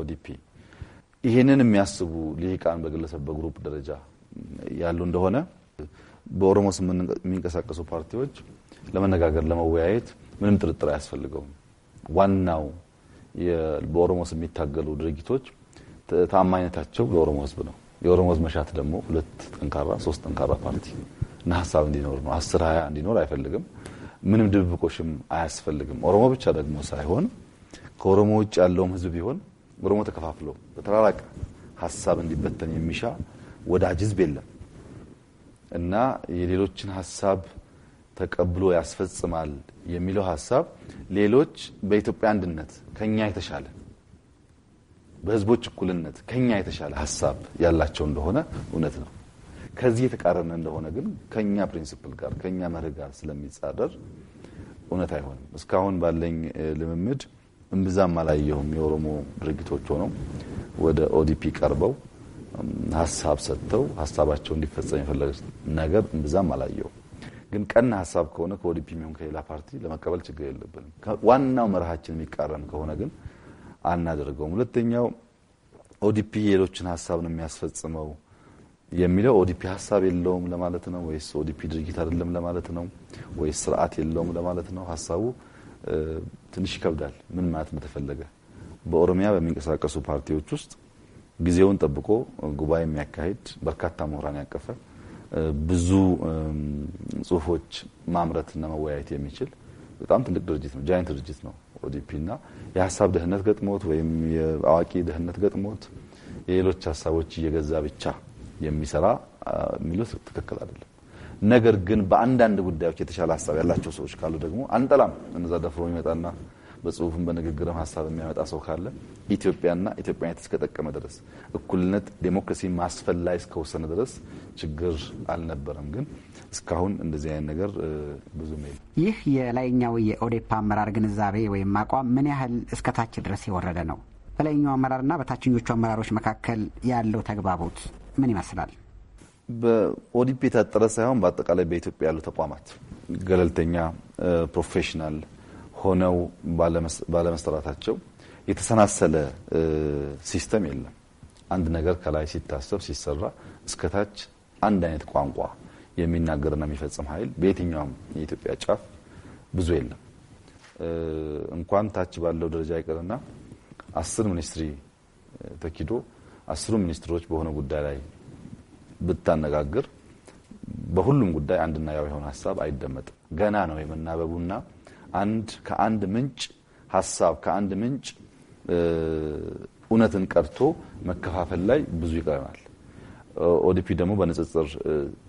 ኦዲፒ። ይህንን የሚያስቡ ልሂቃን በግለሰብ በግሩፕ ደረጃ ያሉ እንደሆነ በኦሮሞ ስም የሚንቀሳቀሱ ፓርቲዎች ለመነጋገር ለመወያየት ምንም ጥርጥር አያስፈልገውም። ዋናው በኦሮሞ ስም የሚታገሉ ድርጊቶች ተአማኝነታቸው ለኦሮሞ ህዝብ ነው። የኦሮሞ ህዝብ መሻት ደግሞ ሁለት ጠንካራ ሶስት ጠንካራ ፓርቲ እና ሀሳብ እንዲኖር ነው። አስር ሀያ እንዲኖር አይፈልግም። ምንም ድብብቆሽም አያስፈልግም። ኦሮሞ ብቻ ደግሞ ሳይሆን ከኦሮሞ ውጭ ያለውም ህዝብ ቢሆን ኦሮሞ ተከፋፍሎ በተራራቀ ሀሳብ እንዲበተን የሚሻ ወዳጅ ህዝብ የለም እና የሌሎችን ሀሳብ ተቀብሎ ያስፈጽማል የሚለው ሀሳብ ሌሎች በኢትዮጵያ አንድነት ከኛ የተሻለ በህዝቦች እኩልነት ከኛ የተሻለ ሀሳብ ያላቸው እንደሆነ እውነት ነው። ከዚህ የተቃረነ እንደሆነ ግን ከኛ ፕሪንሲፕል ጋር ከኛ መርህ ጋር ስለሚጻረር እውነት አይሆንም። እስካሁን ባለኝ ልምምድ እምብዛም አላየሁም። የኦሮሞ ድርጊቶች ሆነው ወደ ኦዲፒ ቀርበው ሀሳብ ሰጥተው ሀሳባቸው እንዲፈጸም የፈለገ ነገር እምብዛም አላየሁም። ግን ቀና ሀሳብ ከሆነ ከኦዲፒ የሚሆን ከሌላ ፓርቲ ለመቀበል ችግር የለብንም። ዋናው መርሃችን የሚቃረን ከሆነ ግን አናደርገውም። ሁለተኛው ኦዲፒ የሌሎችን ሀሳብ ነው የሚያስፈጽመው የሚለው ኦዲፒ ሀሳብ የለውም ለማለት ነው ወይስ ኦዲፒ ድርጊት አይደለም ለማለት ነው ወይስ ስርዓት የለውም ለማለት ነው? ሀሳቡ ትንሽ ይከብዳል። ምን ማለት ነው ተፈለገ? በኦሮሚያ በሚንቀሳቀሱ ፓርቲዎች ውስጥ ጊዜውን ጠብቆ ጉባኤ የሚያካሂድ በርካታ ምሁራን ያቀፈ ብዙ ጽሁፎች ማምረትና መወያየት የሚችል በጣም ትልቅ ድርጅት ነው። ጃይንት ድርጅት ነው ኦዲፒ እና የሀሳብ ደህንነት ገጥሞት ወይም የአዋቂ ደህንነት ገጥሞት የሌሎች ሀሳቦች እየገዛ ብቻ የሚሰራ የሚሉት ትክክል አይደለም። ነገር ግን በአንዳንድ ጉዳዮች የተሻለ ሀሳብ ያላቸው ሰዎች ካሉ ደግሞ አንጠላም። እነዛ ደፍሮ ይመጣና በጽሁፍም በንግግርም ሀሳብ የሚያመጣ ሰው ካለ ኢትዮጵያና ኢትዮጵያነት እስከጠቀመ ድረስ እኩልነት፣ ዴሞክራሲ ማስፈን ላይ እስከወሰነ ድረስ ችግር አልነበረም። ግን እስካሁን እንደዚህ አይነት ነገር ብዙ ይህ የላይኛው የኦዴፓ አመራር ግንዛቤ ወይም አቋም ምን ያህል እስከታች ድረስ የወረደ ነው? በላይኛው አመራርና በታችኞቹ አመራሮች መካከል ያለው ተግባቦት ምን ይመስላል? በኦዲፒ የታጠረ ሳይሆን በአጠቃላይ በኢትዮጵያ ያሉ ተቋማት ገለልተኛ ፕሮፌሽናል ሆነው ባለመሰራታቸው የተሰናሰለ ሲስተም የለም። አንድ ነገር ከላይ ሲታሰብ ሲሰራ እስከታች አንድ አይነት ቋንቋ የሚናገርና የሚፈጽም ኃይል በየትኛውም የኢትዮጵያ ጫፍ ብዙ የለም። እንኳን ታች ባለው ደረጃ ይቅርና አስር ሚኒስትሪ ተኪዶ አስሩ ሚኒስትሮች በሆነ ጉዳይ ላይ ብታነጋግር በሁሉም ጉዳይ አንድና ያው የሆነ ሀሳብ አይደመጥም። ገና ነው የመናበቡና አንድ ከአንድ ምንጭ ሀሳብ ከአንድ ምንጭ እውነትን ቀርቶ መከፋፈል ላይ ብዙ ይቀረናል። ኦዲፒ ደግሞ በንጽጽር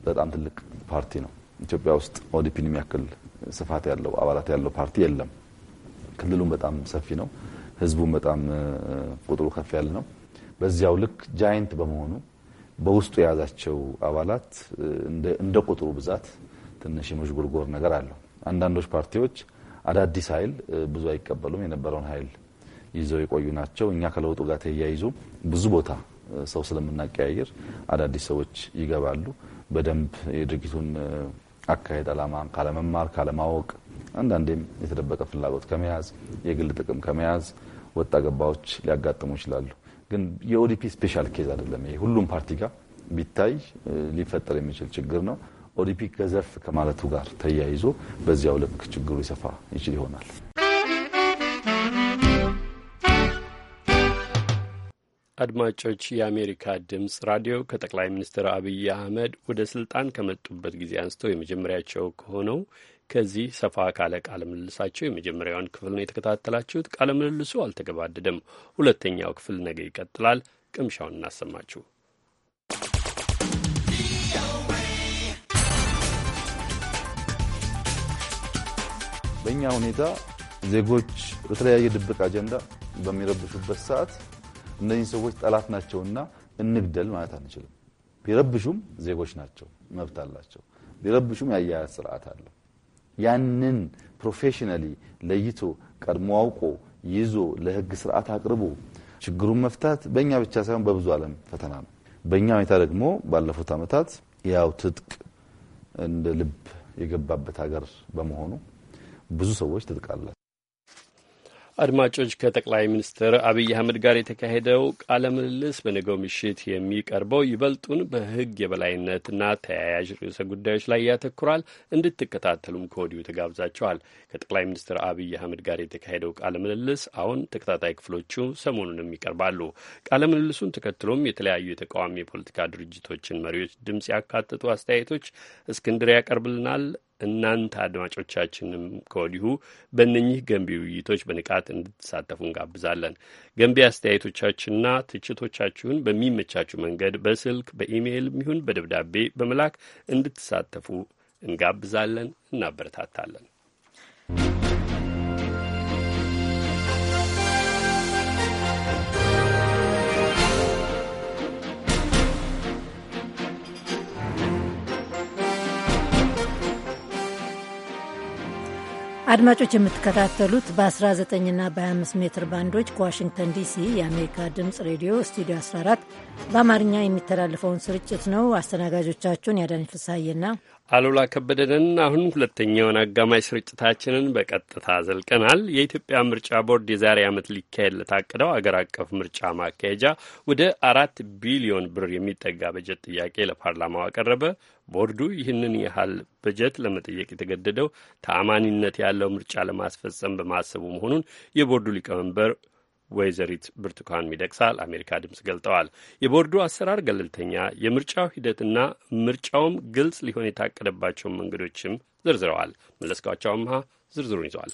በጣም ትልቅ ፓርቲ ነው። ኢትዮጵያ ውስጥ ኦዲፒን የሚያክል ስፋት ያለው አባላት ያለው ፓርቲ የለም። ክልሉም በጣም ሰፊ ነው። ህዝቡም በጣም ቁጥሩ ከፍ ያለ ነው። በዚያው ልክ ጃይንት በመሆኑ በውስጡ የያዛቸው አባላት እንደ ቁጥሩ ብዛት ትንሽ የመዥጎርጎር ነገር አለው። አንዳንዶች ፓርቲዎች አዳዲስ ኃይል ብዙ አይቀበሉም። የነበረውን ኃይል ይዘው የቆዩ ናቸው። እኛ ከለውጡ ጋር ተያይዞ ብዙ ቦታ ሰው ስለምናቀያየር አዳዲስ ሰዎች ይገባሉ። በደንብ የድርጊቱን አካሄድ አላማ ካለመማር ካለማወቅ፣ አንዳንዴም የተደበቀ ፍላጎት ከመያዝ የግል ጥቅም ከመያዝ ወጣ ገባዎች ሊያጋጥሙ ይችላሉ። ግን የኦዲፒ ስፔሻል ኬዝ አይደለም። ይሄ ሁሉም ፓርቲ ጋር ቢታይ ሊፈጠር የሚችል ችግር ነው። ኦሊምፒክ ገዘፍ ከማለቱ ጋር ተያይዞ በዚያው ልክ ችግሩ ይሰፋ ይችል ይሆናል። አድማጮች፣ የአሜሪካ ድምፅ ራዲዮ ከጠቅላይ ሚኒስትር አብይ አህመድ ወደ ስልጣን ከመጡበት ጊዜ አንስቶ የመጀመሪያቸው ከሆነው ከዚህ ሰፋ ካለ ቃለ ምልልሳቸው የመጀመሪያውን ክፍል ነው የተከታተላችሁት። ቃለ ምልልሱ አልተገባደደም። ሁለተኛው ክፍል ነገ ይቀጥላል። ቅምሻውን እናሰማችሁ። በእኛ ሁኔታ ዜጎች በተለያየ ድብቅ አጀንዳ በሚረብሹበት ሰዓት እነዚህ ሰዎች ጠላት ናቸውና እንግደል ማለት አንችልም። ቢረብሹም ዜጎች ናቸው፣ መብት አላቸው። ቢረብሹም የአያያዝ ስርዓት አለው። ያንን ፕሮፌሽናሊ ለይቶ ቀድሞ አውቆ ይዞ ለህግ ስርዓት አቅርቦ ችግሩን መፍታት በእኛ ብቻ ሳይሆን በብዙ ዓለም ፈተና ነው። በእኛ ሁኔታ ደግሞ ባለፉት ዓመታት ያው ትጥቅ እንደ ልብ የገባበት ሀገር በመሆኑ ብዙ ሰዎች ትጥቃለ። አድማጮች ከጠቅላይ ሚኒስትር አብይ አህመድ ጋር የተካሄደው ቃለ ምልልስ በነገው ምሽት የሚቀርበው ይበልጡን በሕግ የበላይነትና ተያያዥ ርዕሰ ጉዳዮች ላይ ያተኩራል። እንድትከታተሉም ከወዲሁ ተጋብዛቸዋል። ከጠቅላይ ሚኒስትር አብይ አህመድ ጋር የተካሄደው ቃለ ምልልስ አሁን ተከታታይ ክፍሎቹ ሰሞኑንም ይቀርባሉ። ቃለ ምልልሱን ተከትሎም የተለያዩ የተቃዋሚ የፖለቲካ ድርጅቶችን መሪዎች ድምፅ ያካተቱ አስተያየቶች እስክንድር ያቀርብልናል። እናንተ አድማጮቻችንም ከወዲሁ በእነኚህ ገንቢ ውይይቶች በንቃት እንድትሳተፉ እንጋብዛለን። ገንቢ አስተያየቶቻችንና ትችቶቻችሁን በሚመቻችሁ መንገድ በስልክ በኢሜይል ይሁን በደብዳቤ በመላክ እንድትሳተፉ እንጋብዛለን፣ እናበረታታለን። አድማጮች የምትከታተሉት በ19ና በ25 ሜትር ባንዶች ከዋሽንግተን ዲሲ የአሜሪካ ድምፅ ሬዲዮ ስቱዲዮ 14 በአማርኛ የሚተላለፈውን ስርጭት ነው። አስተናጋጆቻችሁን ያዳኝ ፍሳዬና አሉላ ከበደንን። አሁን ሁለተኛውን አጋማሽ ስርጭታችንን በቀጥታ ዘልቀናል። የኢትዮጵያ ምርጫ ቦርድ የዛሬ ዓመት ሊካሄድ ለታቀደው አገር አቀፍ ምርጫ ማካሄጃ ወደ አራት ቢሊዮን ብር የሚጠጋ በጀት ጥያቄ ለፓርላማው አቀረበ። ቦርዱ ይህንን ያህል በጀት ለመጠየቅ የተገደደው ተአማኒነት ያለው ምርጫ ለማስፈጸም በማሰቡ መሆኑን የቦርዱ ሊቀመንበር ወይዘሪት ብርቱካን ሚደቅሳ ለአሜሪካ ድምፅ ገልጠዋል። የቦርዱ አሰራር ገለልተኛ፣ የምርጫው ሂደትና ምርጫውም ግልጽ ሊሆን የታቀደባቸውን መንገዶችም ዘርዝረዋል። መለስካቸው አምሃ ዝርዝሩን ይዘዋል።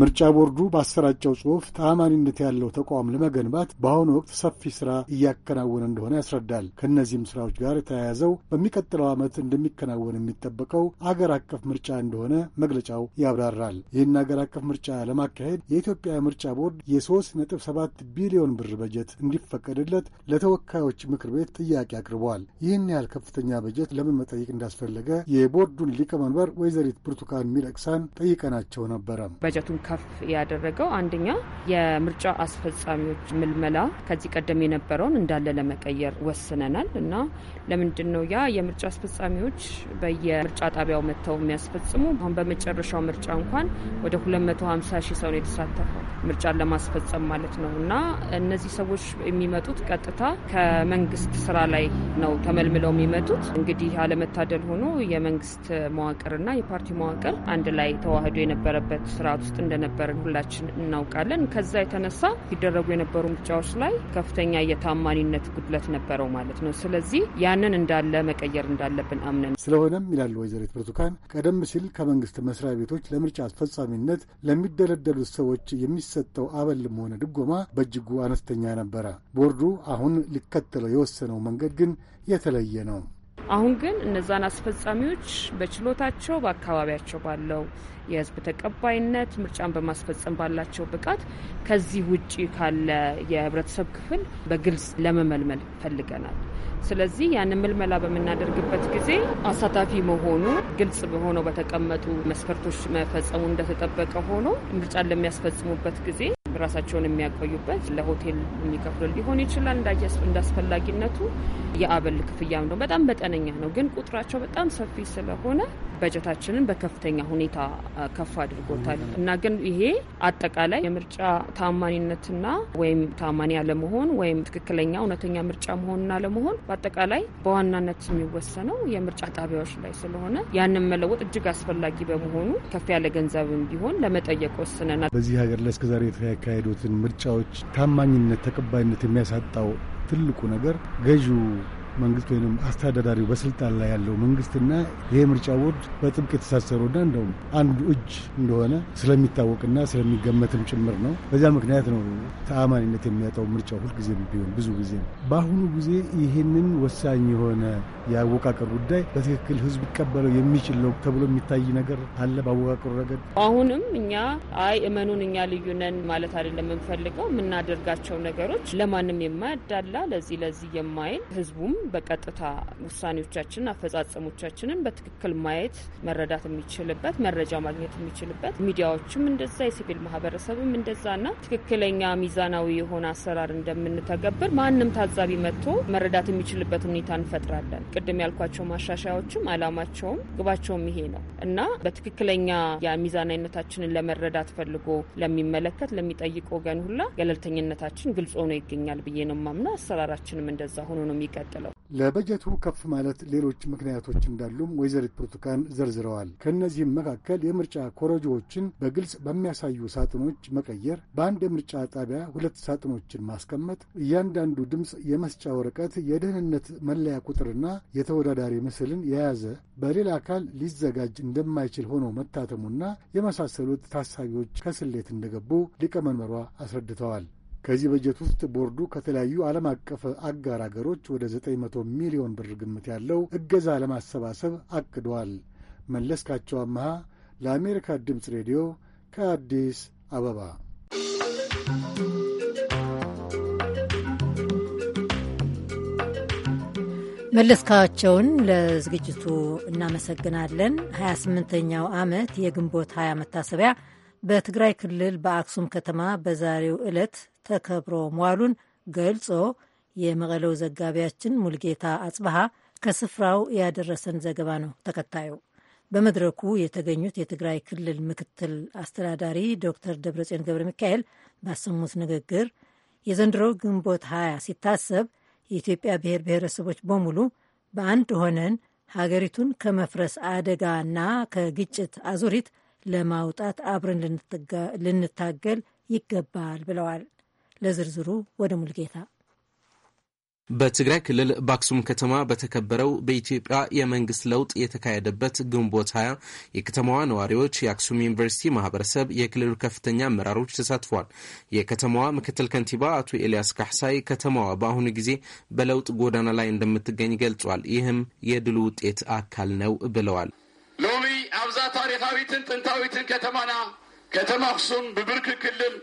ምርጫ ቦርዱ ባሰራጨው ጽሑፍ ተአማኒነት ያለው ተቋም ለመገንባት በአሁኑ ወቅት ሰፊ ስራ እያከናወነ እንደሆነ ያስረዳል። ከእነዚህም ስራዎች ጋር የተያያዘው በሚቀጥለው ዓመት እንደሚከናወን የሚጠበቀው አገር አቀፍ ምርጫ እንደሆነ መግለጫው ያብራራል። ይህን አገር አቀፍ ምርጫ ለማካሄድ የኢትዮጵያ ምርጫ ቦርድ የ ነጥብ ሰባት ቢሊዮን ብር በጀት እንዲፈቀድለት ለተወካዮች ምክር ቤት ጥያቄ አቅርበዋል። ይህን ያህል ከፍተኛ በጀት ለምን መጠየቅ እንዳስፈለገ የቦርዱን ሊቀመንበር ወይዘሪት ብርቱካን ሚደቅሳን ጠይቀናቸው ነበረ። ከፍ ያደረገው አንደኛ የምርጫ አስፈጻሚዎች ምልመላ ከዚህ ቀደም የነበረውን እንዳለ ለመቀየር ወስነናል እና ለምንድን ነው ያ የምርጫ አስፈጻሚዎች በየምርጫ ጣቢያው መጥተው የሚያስፈጽሙ አሁን በመጨረሻው ምርጫ እንኳን ወደ 250 ሺህ ሰው ነው የተሳተፈው ምርጫን ለማስፈጸም ማለት ነው እና እነዚህ ሰዎች የሚመጡት ቀጥታ ከመንግስት ስራ ላይ ነው ተመልምለው የሚመጡት እንግዲህ አለመታደል ሆኖ የመንግስት መዋቅርና የፓርቲ መዋቅር አንድ ላይ ተዋህዶ የነበረበት ስርዓት ውስጥ እንደነበርን ሁላችን እናውቃለን። ከዛ የተነሳ ሲደረጉ የነበሩ ምርጫዎች ላይ ከፍተኛ የታማኒነት ጉድለት ነበረው ማለት ነው። ስለዚህ ያንን እንዳለ መቀየር እንዳለብን አምነን ስለሆነም ይላሉ ወይዘሪት ብርቱካን ቀደም ሲል ከመንግስት መስሪያ ቤቶች ለምርጫ አስፈጻሚነት ለሚደለደሉት ሰዎች የሚሰጠው አበልም ሆነ ድጎማ በእጅጉ አነስተኛ ነበረ። ቦርዱ አሁን ሊከተለው የወሰነው መንገድ ግን የተለየ ነው። አሁን ግን እነዛን አስፈጻሚዎች በችሎታቸው፣ በአካባቢያቸው ባለው የህዝብ ተቀባይነት፣ ምርጫን በማስፈጸም ባላቸው ብቃት ከዚህ ውጭ ካለ የህብረተሰብ ክፍል በግልጽ ለመመልመል ፈልገናል። ስለዚህ ያን ምልመላ በምናደርግበት ጊዜ አሳታፊ መሆኑ ግልጽ በሆነው በተቀመጡ መስፈርቶች መፈጸሙ እንደተጠበቀ ሆኖ ምርጫን ለሚያስፈጽሙበት ጊዜ ራሳቸውን የሚያቆዩበት ለሆቴል የሚከፍሉ ሊሆን ይችላል። እንዳስፈላጊነቱ የአበል ክፍያም ነው። በጣም መጠነኛ ነው፣ ግን ቁጥራቸው በጣም ሰፊ ስለሆነ በጀታችንን በከፍተኛ ሁኔታ ከፍ አድርጎታል እና ግን ይሄ አጠቃላይ የምርጫ ታማኒነትና ወይም ታማኒ አለመሆን ወይም ትክክለኛ እውነተኛ ምርጫ መሆንና አለመሆን በአጠቃላይ በዋናነት የሚወሰነው የምርጫ ጣቢያዎች ላይ ስለሆነ ያንን መለወጥ እጅግ አስፈላጊ በመሆኑ ከፍ ያለ ገንዘብም ቢሆን ለመጠየቅ ወስነናል። በዚህ ሀገር ላይ እስከዛሬ የተካሄዱትን ምርጫዎች ታማኝነት፣ ተቀባይነት የሚያሳጣው ትልቁ ነገር ገዢው መንግስት ወይም አስተዳዳሪው በስልጣን ላይ ያለው መንግስትና ይሄ ምርጫ ቦርድ በጥብቅ የተሳሰሩና እንደውም አንዱ እጅ እንደሆነ ስለሚታወቅና ስለሚገመትም ጭምር ነው። በዚያ ምክንያት ነው ተአማኒነት የሚያጣው ምርጫ ሁልጊዜም ቢሆን ብዙ ጊዜ በአሁኑ ጊዜ ይህንን ወሳኝ የሆነ የአወቃቀር ጉዳይ በትክክል ህዝብ ይቀበለው የሚችል ነው ተብሎ የሚታይ ነገር አለ በአወቃቀሩ ረገድ። አሁንም እኛ አይ እመኑን እኛ ልዩነን ማለት አይደለም የምንፈልገው የምናደርጋቸው ነገሮች ለማንም የማያዳላ ለዚህ ለዚህ የማይል ህዝቡም በቀጥታ ውሳኔዎቻችን፣ አፈጻጸሞቻችንን በትክክል ማየት መረዳት የሚችልበት መረጃ ማግኘት የሚችልበት ሚዲያዎችም እንደዛ የሲቪል ማህበረሰብም እንደዛና ትክክለኛ ሚዛናዊ የሆነ አሰራር እንደምንተገብር ማንም ታዛቢ መጥቶ መረዳት የሚችልበት ሁኔታ እንፈጥራለን። ቅድም ያልኳቸው ማሻሻያዎችም አላማቸውም ግባቸውም ይሄ ነው እና በትክክለኛ የሚዛናዊነታችንን ለመረዳት ፈልጎ ለሚመለከት ለሚጠይቅ ወገን ሁላ ገለልተኝነታችን ግልጽ ሆኖ ይገኛል ብዬ ነው ማምነው። አሰራራችንም እንደዛ ሆኖ ነው የሚቀጥለው። ነው። ለበጀቱ ከፍ ማለት ሌሎች ምክንያቶች እንዳሉም ወይዘሪት ብርቱካን ዘርዝረዋል። ከእነዚህም መካከል የምርጫ ኮረጆዎችን በግልጽ በሚያሳዩ ሳጥኖች መቀየር፣ በአንድ የምርጫ ጣቢያ ሁለት ሳጥኖችን ማስቀመጥ፣ እያንዳንዱ ድምፅ የመስጫ ወረቀት የደህንነት መለያ ቁጥርና የተወዳዳሪ ምስልን የያዘ በሌላ አካል ሊዘጋጅ እንደማይችል ሆኖ መታተሙና የመሳሰሉት ታሳቢዎች ከስሌት እንደገቡ ሊቀመንበሯ አስረድተዋል። ከዚህ በጀት ውስጥ ቦርዱ ከተለያዩ ዓለም አቀፍ አጋር አገሮች ወደ 900 ሚሊዮን ብር ግምት ያለው እገዛ ለማሰባሰብ አቅዷል። መለስካቸው አመሃ ለአሜሪካ ድምፅ ሬዲዮ ከአዲስ አበባ። መለስካቸውን ለዝግጅቱ እናመሰግናለን። 28ኛው ዓመት የግንቦት 20 መታሰቢያ በትግራይ ክልል በአክሱም ከተማ በዛሬው ዕለት ተከብሮ መዋሉን ገልጾ የመቀለው ዘጋቢያችን ሙልጌታ አጽበሃ ከስፍራው ያደረሰን ዘገባ ነው ተከታዩ። በመድረኩ የተገኙት የትግራይ ክልል ምክትል አስተዳዳሪ ዶክተር ደብረጽዮን ገብረ ሚካኤል ባሰሙት ንግግር የዘንድሮው ግንቦት ሀያ ሲታሰብ የኢትዮጵያ ብሔር ብሔረሰቦች በሙሉ በአንድ ሆነን ሀገሪቱን ከመፍረስ አደጋና ከግጭት አዙሪት ለማውጣት አብረን ልንታገል ይገባል ብለዋል። ለዝርዝሩ ወደ ሙልጌታ በትግራይ ክልል በአክሱም ከተማ በተከበረው በኢትዮጵያ የመንግስት ለውጥ የተካሄደበት ግንቦት ሀያ የከተማዋ ነዋሪዎች፣ የአክሱም ዩኒቨርሲቲ ማህበረሰብ፣ የክልሉ ከፍተኛ አመራሮች ተሳትፏል። የከተማዋ ምክትል ከንቲባ አቶ ኤልያስ ካሕሳይ ከተማዋ በአሁኑ ጊዜ በለውጥ ጎዳና ላይ እንደምትገኝ ገልጿል። ይህም የድሉ ውጤት አካል ነው ብለዋል። አብዛ ታሪካዊትን ጥንታዊትን ከተማና ከተማ አክሱም ብብርክ ክልል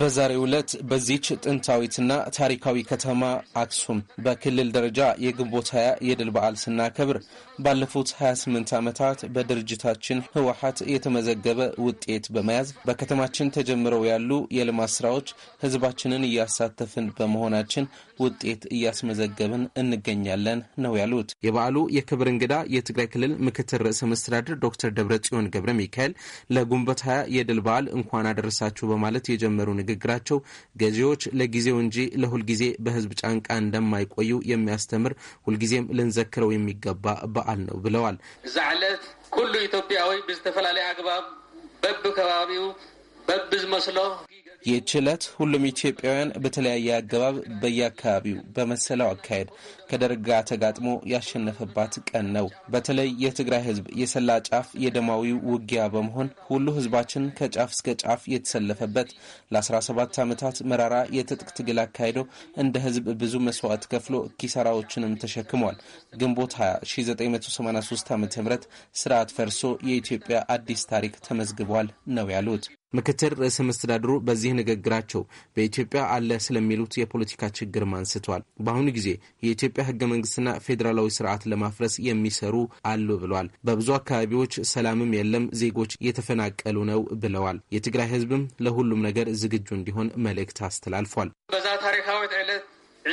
በዛሬ ዕለት በዚች ጥንታዊትና ታሪካዊ ከተማ አክሱም በክልል ደረጃ የግንቦት 20 የድል በዓል ስናከብር ባለፉት 28 ዓመታት በድርጅታችን ህወሓት የተመዘገበ ውጤት በመያዝ በከተማችን ተጀምረው ያሉ የልማት ስራዎች ህዝባችንን እያሳተፍን በመሆናችን ውጤት እያስመዘገብን እንገኛለን ነው ያሉት። የበዓሉ የክብር እንግዳ የትግራይ ክልል ምክትል ርዕሰ መስተዳድር ዶክተር ደብረ ጽዮን ገብረ ሚካኤል ለግንቦት ሀያ የድል በዓል እንኳን አደረሳችሁ በማለት የጀመሩ ንግግራቸው ገዢዎች ለጊዜው እንጂ ለሁልጊዜ በህዝብ ጫንቃ እንደማይቆዩ የሚያስተምር ሁልጊዜም ልንዘክረው የሚገባ በዓል ነው ብለዋል። እዛ ዕለት ኩሉ ኢትዮጵያዊ ብዝተፈላለየ አግባብ በብ ከባቢው በብ ዝመስሎ ይህች ዕለት ሁሉም ኢትዮጵያውያን በተለያየ አገባብ በየአካባቢው በመሰለው አካሄድ ከደርግ ጋር ተጋጥሞ ያሸነፈባት ቀን ነው። በተለይ የትግራይ ህዝብ የሰላ ጫፍ የደማዊ ውጊያ በመሆን ሁሉ ህዝባችን ከጫፍ እስከ ጫፍ የተሰለፈበት ለ17 ዓመታት መራራ የትጥቅ ትግል አካሂዶ እንደ ህዝብ ብዙ መስዋዕት ከፍሎ ኪሳራዎችንም ተሸክሟል። ግንቦት 20 1983 ዓ ም ስርዓት ፈርሶ የኢትዮጵያ አዲስ ታሪክ ተመዝግቧል ነው ያሉት። ምክትል ርዕሰ መስተዳድሩ በዚህ ንግግራቸው በኢትዮጵያ አለ ስለሚሉት የፖለቲካ ችግርም አንስተዋል። በአሁኑ ጊዜ የኢትዮጵያ የኢትዮጵያ ህገ መንግስትና ፌዴራላዊ ስርዓት ለማፍረስ የሚሰሩ አሉ ብሏል። በብዙ አካባቢዎች ሰላምም የለም፣ ዜጎች የተፈናቀሉ ነው ብለዋል። የትግራይ ህዝብም ለሁሉም ነገር ዝግጁ እንዲሆን መልእክት አስተላልፏል። በዛ ታሪካዊት ዕለት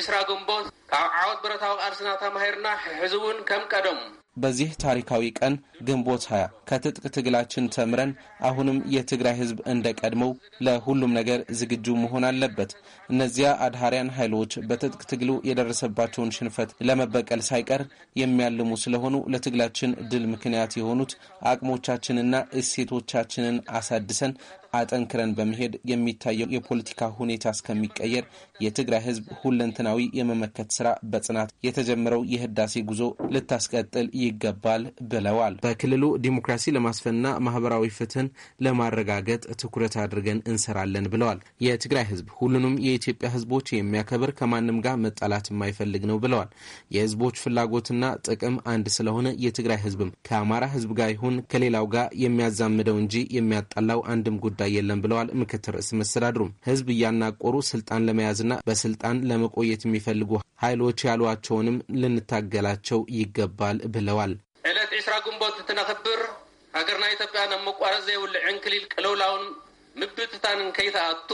ዕስራ ግንቦት ካብ ዓወት ብረታዊ ቃልስና ተማሂርና ህዝቡን ከም ቀደሙ በዚህ ታሪካዊ ቀን ግንቦት 20 ከትጥቅ ትግላችን ተምረን አሁንም የትግራይ ሕዝብ እንደ ቀድሞው ለሁሉም ነገር ዝግጁ መሆን አለበት። እነዚያ አድሃሪያን ኃይሎች በትጥቅ ትግሉ የደረሰባቸውን ሽንፈት ለመበቀል ሳይቀር የሚያልሙ ስለሆኑ ለትግላችን ድል ምክንያት የሆኑት አቅሞቻችንና እሴቶቻችንን አሳድሰን አጠንክረን በመሄድ የሚታየው የፖለቲካ ሁኔታ እስከሚቀየር የትግራይ ህዝብ ሁለንትናዊ የመመከት ስራ በጽናት የተጀመረው የህዳሴ ጉዞ ልታስቀጥል ይገባል ብለዋል። በክልሉ ዲሞክራሲ ለማስፈንና ማህበራዊ ፍትህን ለማረጋገጥ ትኩረት አድርገን እንሰራለን ብለዋል። የትግራይ ህዝብ ሁሉንም የኢትዮጵያ ህዝቦች የሚያከብር ከማንም ጋር መጣላት የማይፈልግ ነው ብለዋል። የህዝቦች ፍላጎትና ጥቅም አንድ ስለሆነ የትግራይ ህዝብም ከአማራ ህዝብ ጋር ይሁን ከሌላው ጋር የሚያዛምደው እንጂ የሚያጣላው አንድም ጉዳይ ጉዳይ የለም ብለዋል ምክትል ርዕሰ መስተዳድሩ። ህዝብ እያናቆሩ ስልጣን ለመያዝና በስልጣን ለመቆየት የሚፈልጉ ኃይሎች ያሏቸውንም ልንታገላቸው ይገባል ብለዋል። ዕለት ዒስራ ግንቦት እትነኽብር ሃገርና ኢትዮጵያ ናብ መቋረፅ ዘይብሉ ዕንክሊል ቅልውላውን ምብትታንን ከይተኣቱ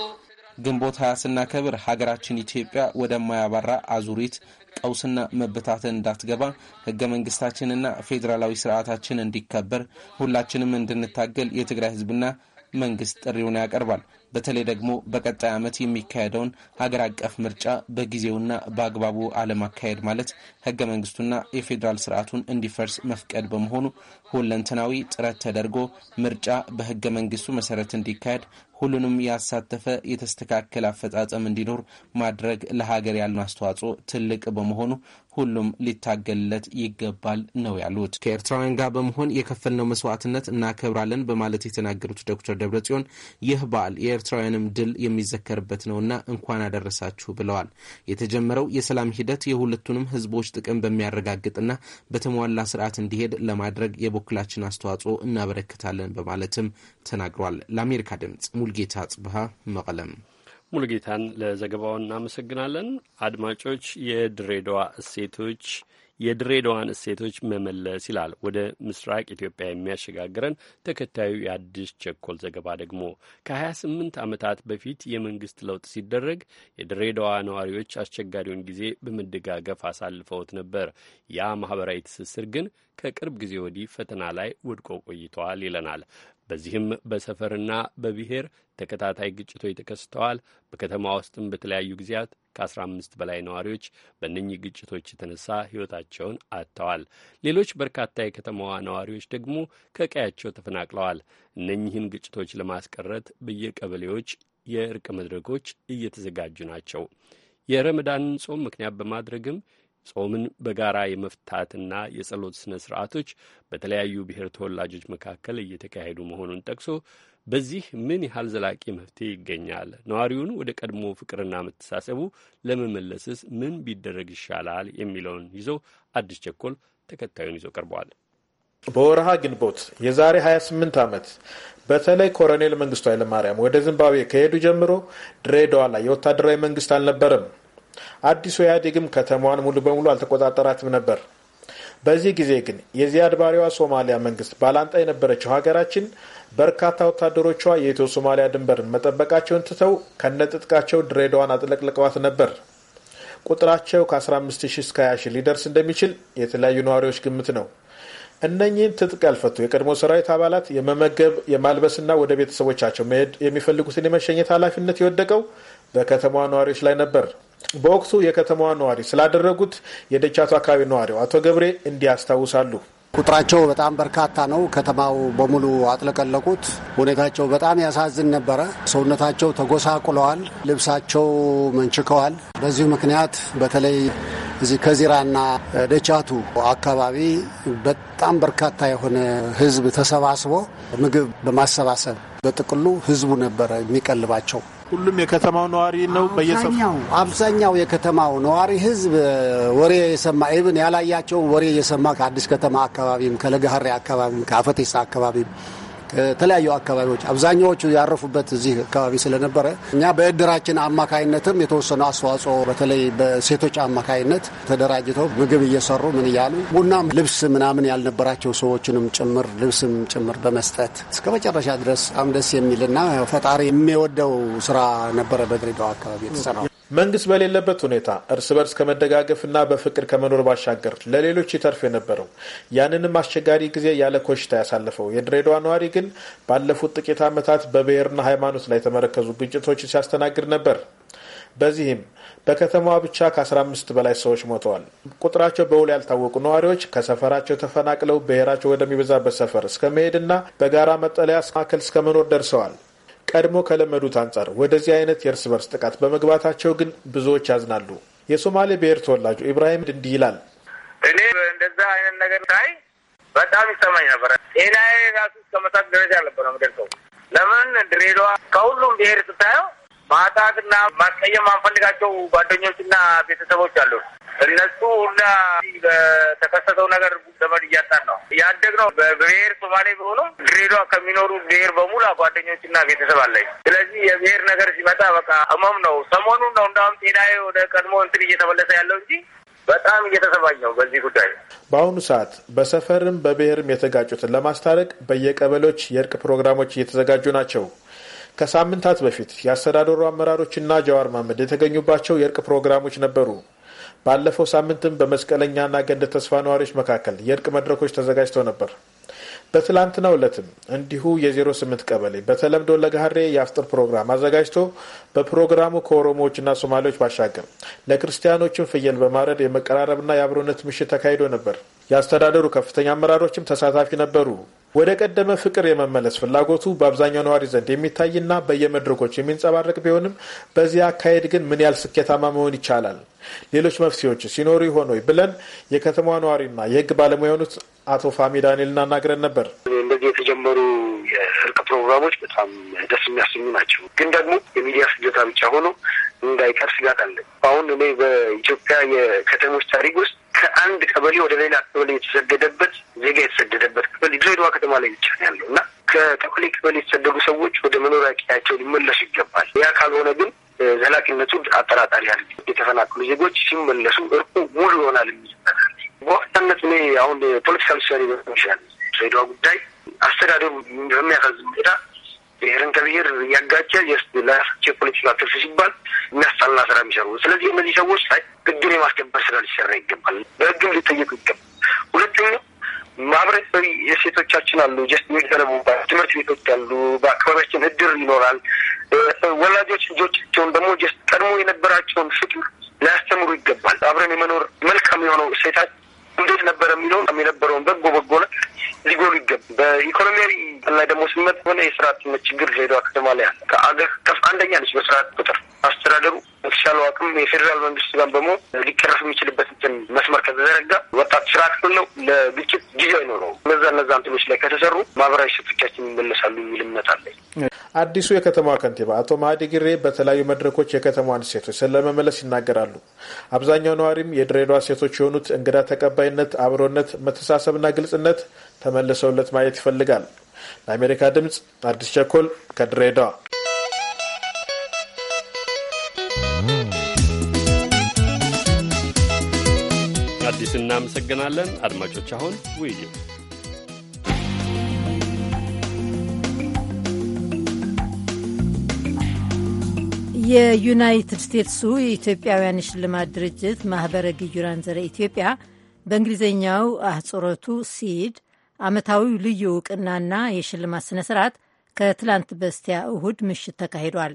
ግንቦት ሀያ ስናከብር ሀገራችን ኢትዮጵያ ወደማያባራ አዙሪት ቀውስና መበታተን እንዳትገባ ህገ መንግስታችንና ፌዴራላዊ ስርዓታችን እንዲከበር ሁላችንም እንድንታገል የትግራይ ህዝብና መንግስት ጥሪውን ያቀርባል። በተለይ ደግሞ በቀጣይ ዓመት የሚካሄደውን ሀገር አቀፍ ምርጫ በጊዜውና በአግባቡ አለማካሄድ ማለት ህገ መንግስቱና የፌዴራል ስርዓቱን እንዲፈርስ መፍቀድ በመሆኑ ሁለንተናዊ ጥረት ተደርጎ ምርጫ በህገ መንግስቱ መሰረት እንዲካሄድ ሁሉንም ያሳተፈ የተስተካከለ አፈጻጸም እንዲኖር ማድረግ ለሀገር ያለው አስተዋጽኦ ትልቅ በመሆኑ ሁሉም ሊታገልለት ይገባል ነው ያሉት። ከኤርትራውያን ጋር በመሆን የከፈልነው መስዋዕትነት እናከብራለን በማለት የተናገሩት ዶክተር ደብረጽዮን ይህ በዓል የኤርትራውያንም ድል የሚዘከርበት ነውና እንኳን አደረሳችሁ ብለዋል። የተጀመረው የሰላም ሂደት የሁለቱንም ህዝቦች ጥቅም በሚያረጋግጥና በተሟላ ስርዓት እንዲሄድ ለማድረግ የቦ የበኩላችን አስተዋጽኦ እናበረክታለን በማለትም ተናግሯል። ለአሜሪካ ድምጽ ሙልጌታ ጽብሃ መቀለም። ሙልጌታን ለዘገባው እናመሰግናለን። አድማጮች የድሬዳዋ እሴቶች የድሬዳዋን እሴቶች መመለስ ይላል። ወደ ምስራቅ ኢትዮጵያ የሚያሸጋግረን ተከታዩ የአዲስ ቸኮል ዘገባ ደግሞ ከ28 ዓመታት በፊት የመንግስት ለውጥ ሲደረግ የድሬዳዋ ነዋሪዎች አስቸጋሪውን ጊዜ በመደጋገፍ አሳልፈውት ነበር። ያ ማህበራዊ ትስስር ግን ከቅርብ ጊዜ ወዲህ ፈተና ላይ ወድቆ ቆይተዋል ይለናል። በዚህም በሰፈርና በብሔር ተከታታይ ግጭቶች ተከስተዋል። በከተማ ውስጥም በተለያዩ ጊዜያት ከ15 በላይ ነዋሪዎች በእነኚህ ግጭቶች የተነሳ ሕይወታቸውን አጥተዋል። ሌሎች በርካታ የከተማዋ ነዋሪዎች ደግሞ ከቀያቸው ተፈናቅለዋል። እነኚህን ግጭቶች ለማስቀረት በየቀበሌዎች የእርቅ መድረኮች እየተዘጋጁ ናቸው። የረመዳንን ጾም ምክንያት በማድረግም ጾምን በጋራ የመፍታትና የጸሎት ስነ ስርዓቶች በተለያዩ ብሔር ተወላጆች መካከል እየተካሄዱ መሆኑን ጠቅሶ በዚህ ምን ያህል ዘላቂ መፍትሄ ይገኛል? ነዋሪውን ወደ ቀድሞ ፍቅርና መተሳሰቡ ለመመለስስ ምን ቢደረግ ይሻላል? የሚለውን ይዞ አዲስ ቸኮል ተከታዩን ይዞ ቀርበዋል። በወረሃ ግንቦት የዛሬ 28 ዓመት በተለይ ኮሎኔል መንግስቱ ኃይለማርያም ወደ ዚምባብዌ ከሄዱ ጀምሮ ድሬዳዋ ላይ የወታደራዊ መንግስት አልነበረም። አዲሱ ኢህአዴግም ከተማዋን ሙሉ በሙሉ አልተቆጣጠራትም ነበር። በዚህ ጊዜ ግን የዚያድ ባሪዋ ሶማሊያ መንግስት ባላንጣ የነበረችው ሀገራችን በርካታ ወታደሮቿ የኢትዮ ሶማሊያ ድንበርን መጠበቃቸውን ትተው ከነጥጥቃቸው ድሬዳዋን አጥለቅልቀዋት ነበር። ቁጥራቸው ከ15 ሺህ እስከ 20 ሺህ ሊደርስ እንደሚችል የተለያዩ ነዋሪዎች ግምት ነው። እነኚህን ትጥቅ ያልፈቱ የቀድሞ ሰራዊት አባላት የመመገብ የማልበስና ወደ ቤተሰቦቻቸው መሄድ የሚፈልጉትን የመሸኘት ኃላፊነት የወደቀው በከተማዋ ነዋሪዎች ላይ ነበር። በወቅቱ የከተማዋ ነዋሪ ስላደረጉት የደቻቱ አካባቢ ነዋሪው አቶ ገብሬ እንዲህ ቁጥራቸው በጣም በርካታ ነው። ከተማው በሙሉ አጥለቀለቁት። ሁኔታቸው በጣም ያሳዝን ነበረ። ሰውነታቸው ተጎሳቁለዋል፣ ልብሳቸው መንችከዋል። በዚሁ ምክንያት በተለይ እዚህ ከዚራና ደቻቱ አካባቢ በጣም በርካታ የሆነ ሕዝብ ተሰባስቦ ምግብ በማሰባሰብ በጥቅሉ ሕዝቡ ነበረ የሚቀልባቸው። ሁሉም የከተማው ነዋሪ ነው። በየሰው አብዛኛው የከተማው ነዋሪ ህዝብ ወሬ የሰማ ኢብን ያላያቸውን ወሬ እየሰማ ከአዲስ ከተማ አካባቢም ከለገሀሬ አካባቢም ከአፈቴሳ አካባቢም ከተለያዩ አካባቢዎች አብዛኛዎቹ ያረፉበት እዚህ አካባቢ ስለነበረ እኛ በእድራችን አማካይነትም የተወሰኑ አስተዋጽኦ በተለይ በሴቶች አማካይነት ተደራጅተው ምግብ እየሰሩ ምን እያሉ ቡናም ልብስ ምናምን ያልነበራቸው ሰዎችንም ጭምር ልብስም ጭምር በመስጠት እስከ መጨረሻ ድረስ በጣም ደስ የሚልና ፈጣሪ የሚወደው ስራ ነበረ በድሬዳዋ አካባቢ የተሰራው። መንግስት በሌለበት ሁኔታ እርስ በርስ ከመደጋገፍና በፍቅር ከመኖር ባሻገር ለሌሎች ይተርፍ የነበረው ያንንም አስቸጋሪ ጊዜ ያለ ኮሽታ ያሳለፈው የድሬዳዋ ነዋሪ ግን ግን ባለፉት ጥቂት ዓመታት በብሔርና ሃይማኖት ላይ የተመረከዙ ግጭቶች ሲያስተናግድ ነበር። በዚህም በከተማዋ ብቻ ከ15 በላይ ሰዎች ሞተዋል። ቁጥራቸው በውል ያልታወቁ ነዋሪዎች ከሰፈራቸው ተፈናቅለው ብሔራቸው ወደሚበዛበት ሰፈር እስከ መሄድና በጋራ መጠለያ ማዕከል እስከ መኖር ደርሰዋል። ቀድሞ ከለመዱት አንጻር ወደዚህ አይነት የእርስ በርስ ጥቃት በመግባታቸው ግን ብዙዎች ያዝናሉ። የሶማሌ ብሔር ተወላጁ ኢብራሂም እንዲህ ይላል። እኔ እንደዛ አይነት ነገር ሳይ በጣም ይሰማኝ ነበረ። ጤናዬ ራሱ እስከ መሳት ደረጃ አልነበረ ምደርሰው። ለምን ድሬዳዋ ከሁሉም ብሄር ስታየው ማጣትና ማስቀየም ማንፈልጋቸው ጓደኞችና ቤተሰቦች አሉ። እነሱ ሁላ በተከሰተው ነገር ዘመድ እያጣን ነው ነው። በብሔር ሶማሌ ቢሆኑም ድሬዳዋ ከሚኖሩ ብሔር በሙላ ጓደኞችና ቤተሰብ አለኝ። ስለዚህ የብሔር ነገር ሲመጣ በቃ ህመም ነው። ሰሞኑን ነው እንዳሁም ጤናዬ ወደ ቀድሞ እንትን እየተመለሰ ያለው እንጂ በጣም እየተሰባኝ ነው በዚህ ጉዳይ። በአሁኑ ሰዓት በሰፈርም በብሔርም የተጋጩትን ለማስታረቅ በየቀበሌዎች የእርቅ ፕሮግራሞች እየተዘጋጁ ናቸው። ከሳምንታት በፊት የአስተዳደሩ አመራሮችና ጀዋር መሀመድ የተገኙባቸው የእርቅ ፕሮግራሞች ነበሩ። ባለፈው ሳምንትም በመስቀለኛና ገንደ ተስፋ ነዋሪዎች መካከል የእርቅ መድረኮች ተዘጋጅተው ነበር። በትላንትናው ዕለትም እንዲሁ የ08 ቀበሌ በተለምዶ ለጋሬ የአፍጥር ፕሮግራም አዘጋጅቶ በፕሮግራሙ ከኦሮሞዎችና ሶማሌዎች ባሻገር ለክርስቲያኖችም ፍየል በማረድ የመቀራረብና የአብሮነት ምሽት ተካሂዶ ነበር። የአስተዳደሩ ከፍተኛ አመራሮችም ተሳታፊ ነበሩ። ወደ ቀደመ ፍቅር የመመለስ ፍላጎቱ በአብዛኛው ነዋሪ ዘንድ የሚታይና በየመድረኮች የሚንጸባረቅ ቢሆንም በዚህ አካሄድ ግን ምን ያህል ስኬታማ መሆን ይቻላል? ሌሎች መፍትሄዎች ሲኖሩ ይሆን ወይ ብለን የከተማ ነዋሪና የህግ ባለሙያ የሆኑት አቶ ፋሚ ዳንኤል እናናግረን ነበር። እንደዚህ የተጀመሩ የእርቅ ፕሮግራሞች በጣም ደስ የሚያሰኙ ናቸው። ግን ደግሞ የሚዲያ ፍጆታ ብቻ ሆኖ እንዳይቀር ስጋት አለ። አሁን እኔ በኢትዮጵያ የከተሞች ታሪክ ውስጥ ከአንድ ቀበሌ ወደ ሌላ ቀበሌ የተሰደደበት ዜጋ የተሰደደበት ቀበሌ ድሬዳዋ ከተማ ላይ ብቻ ነው ያለው እና ከቀበሌ ቀበሌ የተሰደዱ ሰዎች ወደ መኖሪያ ቀያቸው ሊመለሱ ይገባል። ያ ካልሆነ ግን ዘላቂነቱ አጠራጣሪ ያለ የተፈናቀሉ ዜጎች ሲመለሱ እርቁ ሙሉ ይሆናል የሚዘጠናል። በዋናነት እኔ አሁን ፖለቲካል ውሳኔ በሚሻል ድሬዳዋ ጉዳይ አስተዳደሩ በሚያሳዝን ሁኔታ ብሔርን ከብሔር እያጋጨ ለራሳቸው የፖለቲካ ትርፍ ሲባል የሚያስጠላ ስራ የሚሰሩ ስለዚህ እነዚህ ሰዎች ላይ ህግን የማስከበር ስራ ሊሰራ ይገባል። በህግም ሊጠየቁ ይገባል። ሁለተኛ ማህበረሰብ የሴቶቻችን አሉ ጀስት የሚገነቡባ ትምህርት ቤቶች አሉ። በአካባቢያችን እድር ይኖራል። ወላጆች ልጆቻቸውን ደግሞ ጀስት ቀድሞ የነበራቸውን ፍቅር ሊያስተምሩ ይገባል። አብረን የመኖር መልካም የሆነው ሴታችን እንዴት ነበረ የሚለውን የነበረውን በጎ በጎ ነ ሊጎሉ ይገባ። በኢኮኖሚያዊ ላይ ደግሞ ስመት ሆነ የስርዓት ችግር ዜዳዋ ከተማ ላይ አለ። ከአገር ከፍ አንደኛ ነች በስርዓት ቁጥር አስተዳደሩ በተሻለው አቅም የፌዴራል መንግስት ጋር በመሆን ሊቀረፍ የሚችልበት እንትን መስመር ከተዘረጋ ወጣት ስራ ክፍል ነው፣ ለግጭት ጊዜ አይኖረው። እነዛ እነዛ እንትኖች ላይ ከተሰሩ ማህበራዊ ሴቶቻችን ይመለሳሉ የሚል እምነት አለኝ። አዲሱ የከተማዋ ከንቲባ አቶ ማህዲ ግሬ በተለያዩ መድረኮች የከተማዋን ሴቶች ስለመመለስ ይናገራሉ። አብዛኛው ነዋሪም የድሬዳዋ ሴቶች የሆኑት እንግዳ ተቀባይነት፣ አብሮነት፣ መተሳሰብና ግልጽነት ተመልሰውለት ማየት ይፈልጋል። ለአሜሪካ ድምጽ አዲስ ቸኮል ከድሬዳዋ። አዲስ እናመሰግናለን። አድማጮች አሁን ውይይት የዩናይትድ ስቴትሱ የኢትዮጵያውያን የሽልማት ድርጅት ማኅበረ ግዩራን ዘረ ኢትዮጵያ በእንግሊዝኛው አህጽሮቱ ሲድ ዓመታዊው ልዩ እውቅናና የሽልማት ስነ ስርዓት ከትላንት በስቲያ እሁድ ምሽት ተካሂዷል።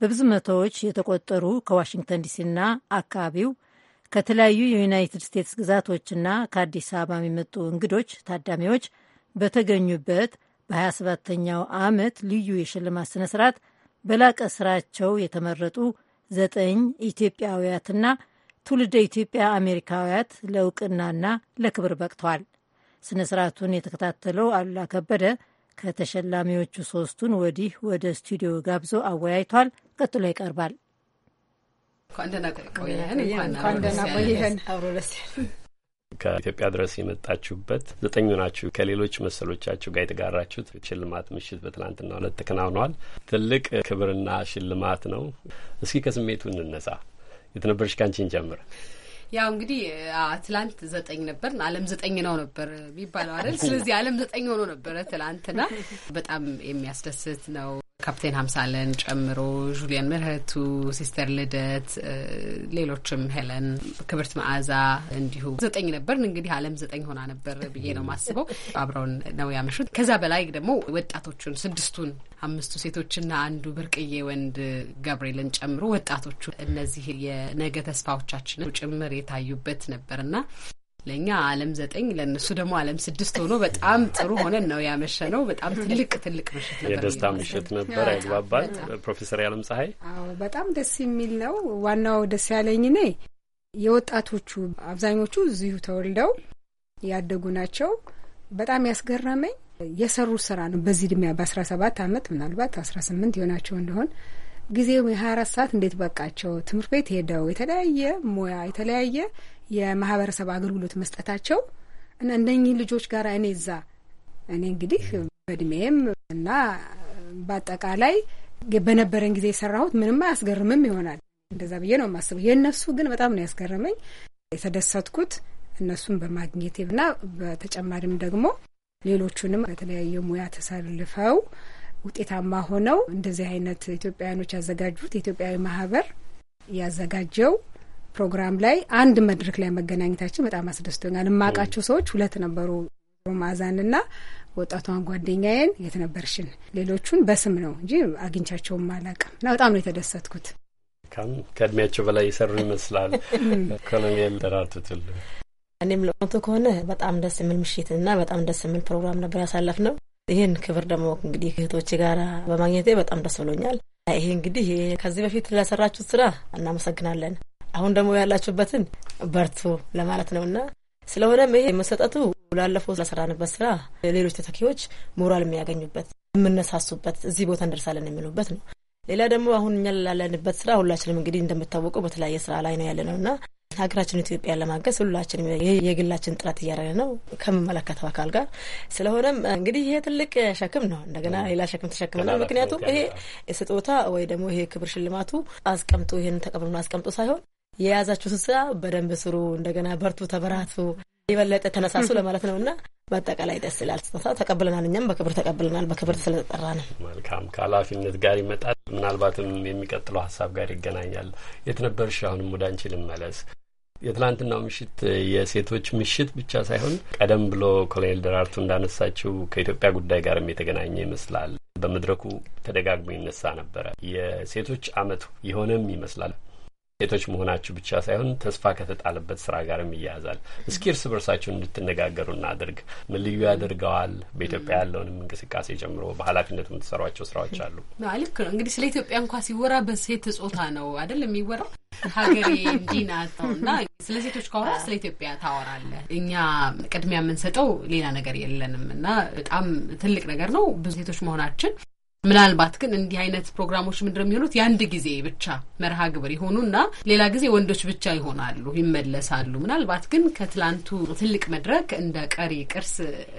በብዙ መቶዎች የተቆጠሩ ከዋሽንግተን ዲሲና አካባቢው ከተለያዩ የዩናይትድ ስቴትስ ግዛቶችና ከአዲስ አበባ የሚመጡ እንግዶች ታዳሚዎች በተገኙበት በ 27 ተኛው ዓመት ልዩ የሽልማት ስነ ስርዓት በላቀ ስራቸው የተመረጡ ዘጠኝ ኢትዮጵያውያትና ትውልደ ኢትዮጵያ አሜሪካውያት ለእውቅናና ለክብር በቅተዋል። ስነ ስርዓቱን የተከታተለው አሉላ ከበደ ከተሸላሚዎቹ ሶስቱን ወዲህ ወደ ስቱዲዮ ጋብዞ አወያይቷል። ቀጥሎ ይቀርባል። እንኳን ደህና ቆየህን። እንኳን ደህና አብሮ ደስ ከኢትዮጵያ ድረስ የመጣችሁበት ዘጠኙ ናችሁ። ከሌሎች መሰሎቻችሁ ጋር የተጋራችሁት ሽልማት ምሽት በትናንትና ዕለት ተከናውነዋል። ትልቅ ክብርና ሽልማት ነው። እስኪ ከስሜቱ እንነሳ። የተነበረች ካንቺን ጀምር። ያው እንግዲህ ትላንት ዘጠኝ ነበር አለም ዘጠኝ ነው ነበር የሚባለው አይደል? ስለዚህ አለም ዘጠኝ ሆኖ ነበረ ትላንትና። በጣም የሚያስደስት ነው። ካፕቴን ሀምሳለን ጨምሮ ጁሊያን ምህረቱ፣ ሲስተር ልደት፣ ሌሎችም ሄለን፣ ክብርት መዓዛ እንዲሁ ዘጠኝ ነበርን። እንግዲህ አለም ዘጠኝ ሆና ነበር ብዬ ነው ማስበው። አብረውን ነው ያመሹት። ከዛ በላይ ደግሞ ወጣቶቹን ስድስቱን አምስቱ ሴቶችና አንዱ ብርቅዬ ወንድ ገብርኤልን ጨምሮ ወጣቶቹ እነዚህ የነገ ተስፋዎቻችንን ጭምር የታዩበት ነበርና ለእኛ አለም ዘጠኝ ለእነሱ ደግሞ አለም ስድስት ሆኖ በጣም ጥሩ ሆነን ነው ያመሸ ነው። በጣም ትልቅ ትልቅ ምሽት ነበር፣ የደስታ ምሽት ነበር። ያግባባል። ፕሮፌሰር ያለም ፀሐይ በጣም ደስ የሚል ነው። ዋናው ደስ ያለኝ እኔ የወጣቶቹ አብዛኞቹ እዚሁ ተወልደው ያደጉ ናቸው። በጣም ያስገረመኝ የሰሩ ስራ ነው። በዚህ እድሜያ በአስራ ሰባት አመት ምናልባት አስራ ስምንት የሆናቸው እንደሆን ጊዜው የሀያ አራት ሰዓት እንዴት በቃቸው? ትምህርት ቤት ሄደው የተለያየ ሙያ የተለያየ የማህበረሰብ አገልግሎት መስጠታቸው እና እንደኚህ ልጆች ጋር እኔ እዛ እኔ እንግዲህ በእድሜም እና በአጠቃላይ በነበረን ጊዜ የሰራሁት ምንም አያስገርምም ይሆናል እንደዛ ብዬ ነው የማስበው። የእነሱ ግን በጣም ነው ያስገረመኝ የተደሰትኩት እነሱን በማግኘቴ እና በተጨማሪም ደግሞ ሌሎቹንም በተለያየ ሙያ ተሰልፈው ውጤታማ ሆነው እንደዚህ አይነት ኢትዮጵያውያኖች ያዘጋጁት የኢትዮጵያዊ ማህበር ያዘጋጀው ፕሮግራም ላይ አንድ መድረክ ላይ መገናኘታችን በጣም አስደስቶኛል። እማቃቸው ሰዎች ሁለት ነበሩ፣ ማዛንና ወጣቷን ጓደኛዬን የትነበርሽን። ሌሎቹን በስም ነው እንጂ አግኝቻቸውም አላውቅም እና በጣም ነው የተደሰትኩት። ከእድሜያቸው በላይ የሰሩ ይመስላል። ኢኮኖሚል ደራርትትል እኔም ለእውነቱ ከሆነ በጣም ደስ የሚል ምሽትና በጣም ደስ የሚል ፕሮግራም ነበር ያሳለፍ ነው። ይህን ክብር ደግሞ እንግዲህ እህቶቼ ጋር በማግኘቴ በጣም ደስ ብሎኛል። ይሄ እንግዲህ ከዚህ በፊት ለሰራችሁት ስራ እናመሰግናለን። አሁን ደግሞ ያላችሁበትን በርቱ ለማለት ነው እና ስለሆነም ይሄ መሰጠቱ ላለፈው ለሰራንበት ስራ ሌሎች ተተኪዎች ሞራል የሚያገኙበት የምነሳሱበት፣ እዚህ ቦታ እንደርሳለን የሚሉበት ነው። ሌላ ደግሞ አሁን እኛ ላለንበት ስራ ሁላችንም እንግዲህ እንደምታወቀው በተለያየ ስራ ላይ ነው ያለ ነው እና ሀገራችን ኢትዮጵያ ለማገዝ ሁላችንም የግላችን ጥረት እያደረግን ነው ከምመለከተው አካል ጋር። ስለሆነም እንግዲህ ይሄ ትልቅ ሸክም ነው። እንደገና ሌላ ሸክም ነው። ምክንያቱም ይሄ ስጦታ ወይ ደግሞ ይሄ ክብር ሽልማቱ አስቀምጦ ይህን ተቀብሎ አስቀምጦ ሳይሆን የያዛችሁ ስራ በደንብ ስሩ፣ እንደገና በርቱ፣ ተበራቱ፣ የበለጠ ተነሳሱ ለማለት ነው እና በአጠቃላይ ደስ ይላል። ተቀብለናል፣ እኛም በክብር ተቀብለናል። በክብር ስለተጠራ ነው። መልካም ከኃላፊነት ጋር ይመጣል። ምናልባትም የሚቀጥለው ሀሳብ ጋር ይገናኛል። የት ነበርሽ? አሁንም ወደ አንቺ ልመለስ። የትላንትናው ምሽት የሴቶች ምሽት ብቻ ሳይሆን ቀደም ብሎ ኮሎኔል ደራርቱ እንዳነሳችው ከኢትዮጵያ ጉዳይ ጋርም የተገናኘ ይመስላል። በመድረኩ ተደጋግሞ ይነሳ ነበረ። የሴቶች አመት የሆነም ይመስላል። ሴቶች መሆናችሁ ብቻ ሳይሆን ተስፋ ከተጣለበት ስራ ጋርም ይያያዛል። እስኪ እርስ በርሳችሁን እንድትነጋገሩ እናድርግ። ምን ልዩ ያደርገዋል? በኢትዮጵያ ያለውንም እንቅስቃሴ ጨምሮ በኃላፊነቱ የምትሰሯቸው ስራዎች አሉ። ልክ ነው እንግዲህ ስለ ኢትዮጵያ እንኳ ሲወራ በሴት ጾታ ነው አይደል የሚወራው? ሀገሬ እንዲህ ናት ነው እና ስለ ሴቶች ከሆነ ስለ ኢትዮጵያ ታወራለህ። እኛ ቅድሚያ የምንሰጠው ሌላ ነገር የለንም እና በጣም ትልቅ ነገር ነው ብዙ ሴቶች መሆናችን ምናልባት ግን እንዲህ አይነት ፕሮግራሞች ምንድነው የሚሆኑት የአንድ ጊዜ ብቻ መርሃ ግብር ይሆኑና ሌላ ጊዜ ወንዶች ብቻ ይሆናሉ፣ ይመለሳሉ። ምናልባት ግን ከትላንቱ ትልቅ መድረክ እንደ ቀሪ ቅርስ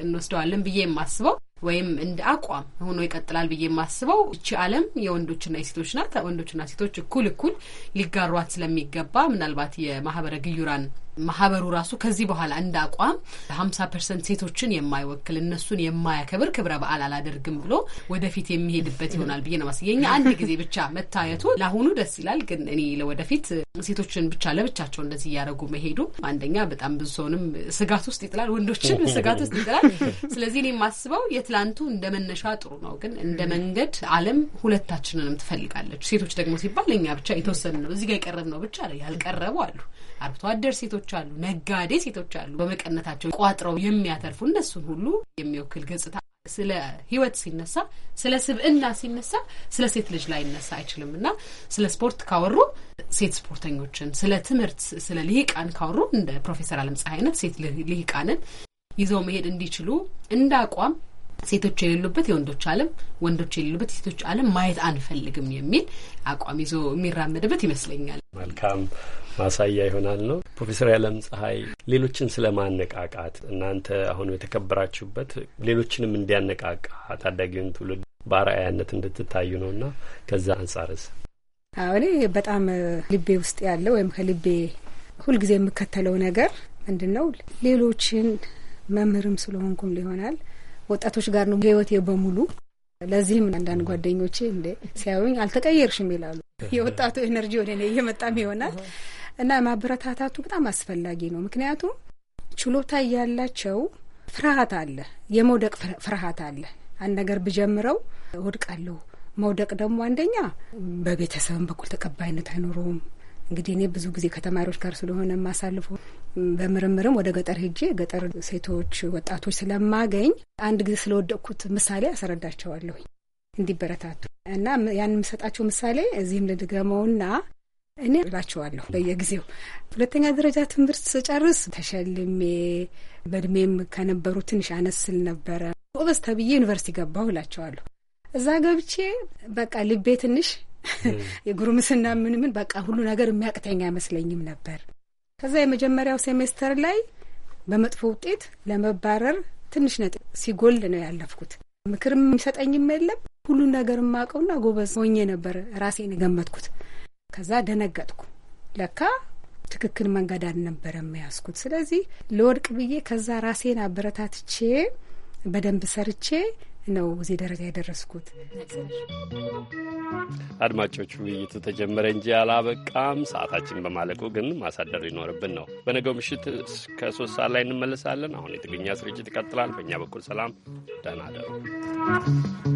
እንወስደዋለን ብዬ የማስበው ወይም እንደ አቋም ሆኖ ይቀጥላል ብዬ የማስበው እቺ ዓለም የወንዶችና የሴቶች ናት። ወንዶችና ሴቶች እኩል እኩል ሊጋሯት ስለሚገባ ምናልባት የማህበረ ግዩራን ማህበሩ ራሱ ከዚህ በኋላ እንደ አቋም ሀምሳ ፐርሰንት ሴቶችን የማይወክል እነሱን የማያከብር ክብረ በዓል አላደርግም ብሎ ወደፊት የሚሄድበት ይሆናል ብዬ ነው ማስብ። የኛ አንድ ጊዜ ብቻ መታየቱ ለአሁኑ ደስ ይላል፣ ግን እኔ ለወደፊት ሴቶችን ብቻ ለብቻቸው እንደዚህ እያደረጉ መሄዱ አንደኛ በጣም ብዙ ሰውንም ስጋት ውስጥ ይጥላል፣ ወንዶችን ስጋት ውስጥ ይጥላል። ስለዚህ እኔ የማስበው የትላንቱ እንደ መነሻ ጥሩ ነው፣ ግን እንደ መንገድ አለም ሁለታችንንም ትፈልጋለች። ሴቶች ደግሞ ሲባል እኛ ብቻ የተወሰነ ነው እዚህ ጋር የቀረብ ነው ብቻ ያልቀረቡ አሉ አርብቶ አደር ሴቶች አሉ፣ ነጋዴ ሴቶች አሉ። በመቀነታቸው ቋጥረው የሚያተርፉ እነሱን ሁሉ የሚወክል ገጽታ ስለ ህይወት ሲነሳ ስለ ስብዕና ሲነሳ ስለ ሴት ልጅ ላይ ይነሳ አይችልም እና ስለ ስፖርት ካወሩ ሴት ስፖርተኞችን፣ ስለ ትምህርት፣ ስለ ልሂቃን ካወሩ እንደ ፕሮፌሰር አለም ፀሐይ አይነት ሴት ልሂቃንን ይዘው መሄድ እንዲችሉ እንደ አቋም ሴቶች የሌሉበት የወንዶች ዓለም ወንዶች የሌሉበት የሴቶች ዓለም ማየት አንፈልግም የሚል አቋም ይዞ የሚራመድበት ይመስለኛል። መልካም ማሳያ ይሆናል ነው። ፕሮፌሰር ያለም ፀሐይ ሌሎችን ስለ ማነቃቃት እናንተ አሁን የተከበራችሁበት ሌሎችንም እንዲያነቃቃ ታዳጊውን ትውልድ በአርአያነት እንድትታዩ ነው እና ከዛ አንጻርስ? እኔ በጣም ልቤ ውስጥ ያለ ወይም ከልቤ ሁልጊዜ የምከተለው ነገር ምንድን ነው? ሌሎችን መምህርም ስለሆንኩም ሊሆናል ወጣቶች ጋር ነው ህይወቴ በሙሉ ለዚህም አንዳንድ ጓደኞቼ እንደ ሲያዩኝ አልተቀየርሽም ይላሉ። የወጣቱ ኤነርጂ ወደ እኔ እየመጣም ይሆናል እና ማበረታታቱ በጣም አስፈላጊ ነው። ምክንያቱም ችሎታ እያላቸው ፍርሃት አለ፣ የመውደቅ ፍርሃት አለ። አንድ ነገር ብጀምረው እወድቃለሁ። መውደቅ ደግሞ አንደኛ በቤተሰብም በኩል ተቀባይነት አይኖረውም። እንግዲህ እኔ ብዙ ጊዜ ከተማሪዎች ጋር ስለሆነ የማሳልፉ በምርምርም ወደ ገጠር ሄጄ ገጠር ሴቶች፣ ወጣቶች ስለማገኝ አንድ ጊዜ ስለወደቅኩት ምሳሌ አስረዳቸዋለሁ እንዲበረታቱ እና ያን የምሰጣቸው ምሳሌ እዚህም ልድገመውና እኔ እላቸዋለሁ በየጊዜው ሁለተኛ ደረጃ ትምህርት ስጨርስ ተሸልሜ በእድሜም ከነበሩ ትንሽ አነስል ነበረ ጎበዝ ተብዬ ዩኒቨርሲቲ ገባሁ እላቸዋለሁ። እዛ ገብቼ በቃ ልቤ ትንሽ የጉርምስና ምን ምን በቃ ሁሉ ነገር የሚያቅተኝ አይመስለኝም ነበር። ከዛ የመጀመሪያው ሴሜስተር ላይ በመጥፎ ውጤት ለመባረር ትንሽ ነጥብ ሲጎል ነው ያለፍኩት። ምክርም የሚሰጠኝም የለም ሁሉን ነገር የማውቀውና ጎበዝ ሆኜ ነበር ራሴን የገመትኩት። ከዛ ደነገጥኩ። ለካ ትክክል መንገድ አልነበረም የያዝኩት። ስለዚህ ለወድቅ ብዬ ከዛ ራሴን አበረታትቼ በደንብ ሰርቼ ነው እዚህ ደረጃ የደረስኩት። አድማጮቹ ውይይቱ ተጀመረ እንጂ አላበቃም። ሰዓታችን በማለቁ ግን ማሳደር ሊኖርብን ነው። በነገው ምሽት እስከ ሶስት ሰዓት ላይ እንመለሳለን። አሁን የትግርኛ ስርጭት ይቀጥላል። በእኛ በኩል ሰላም፣ ደህና ደሩ።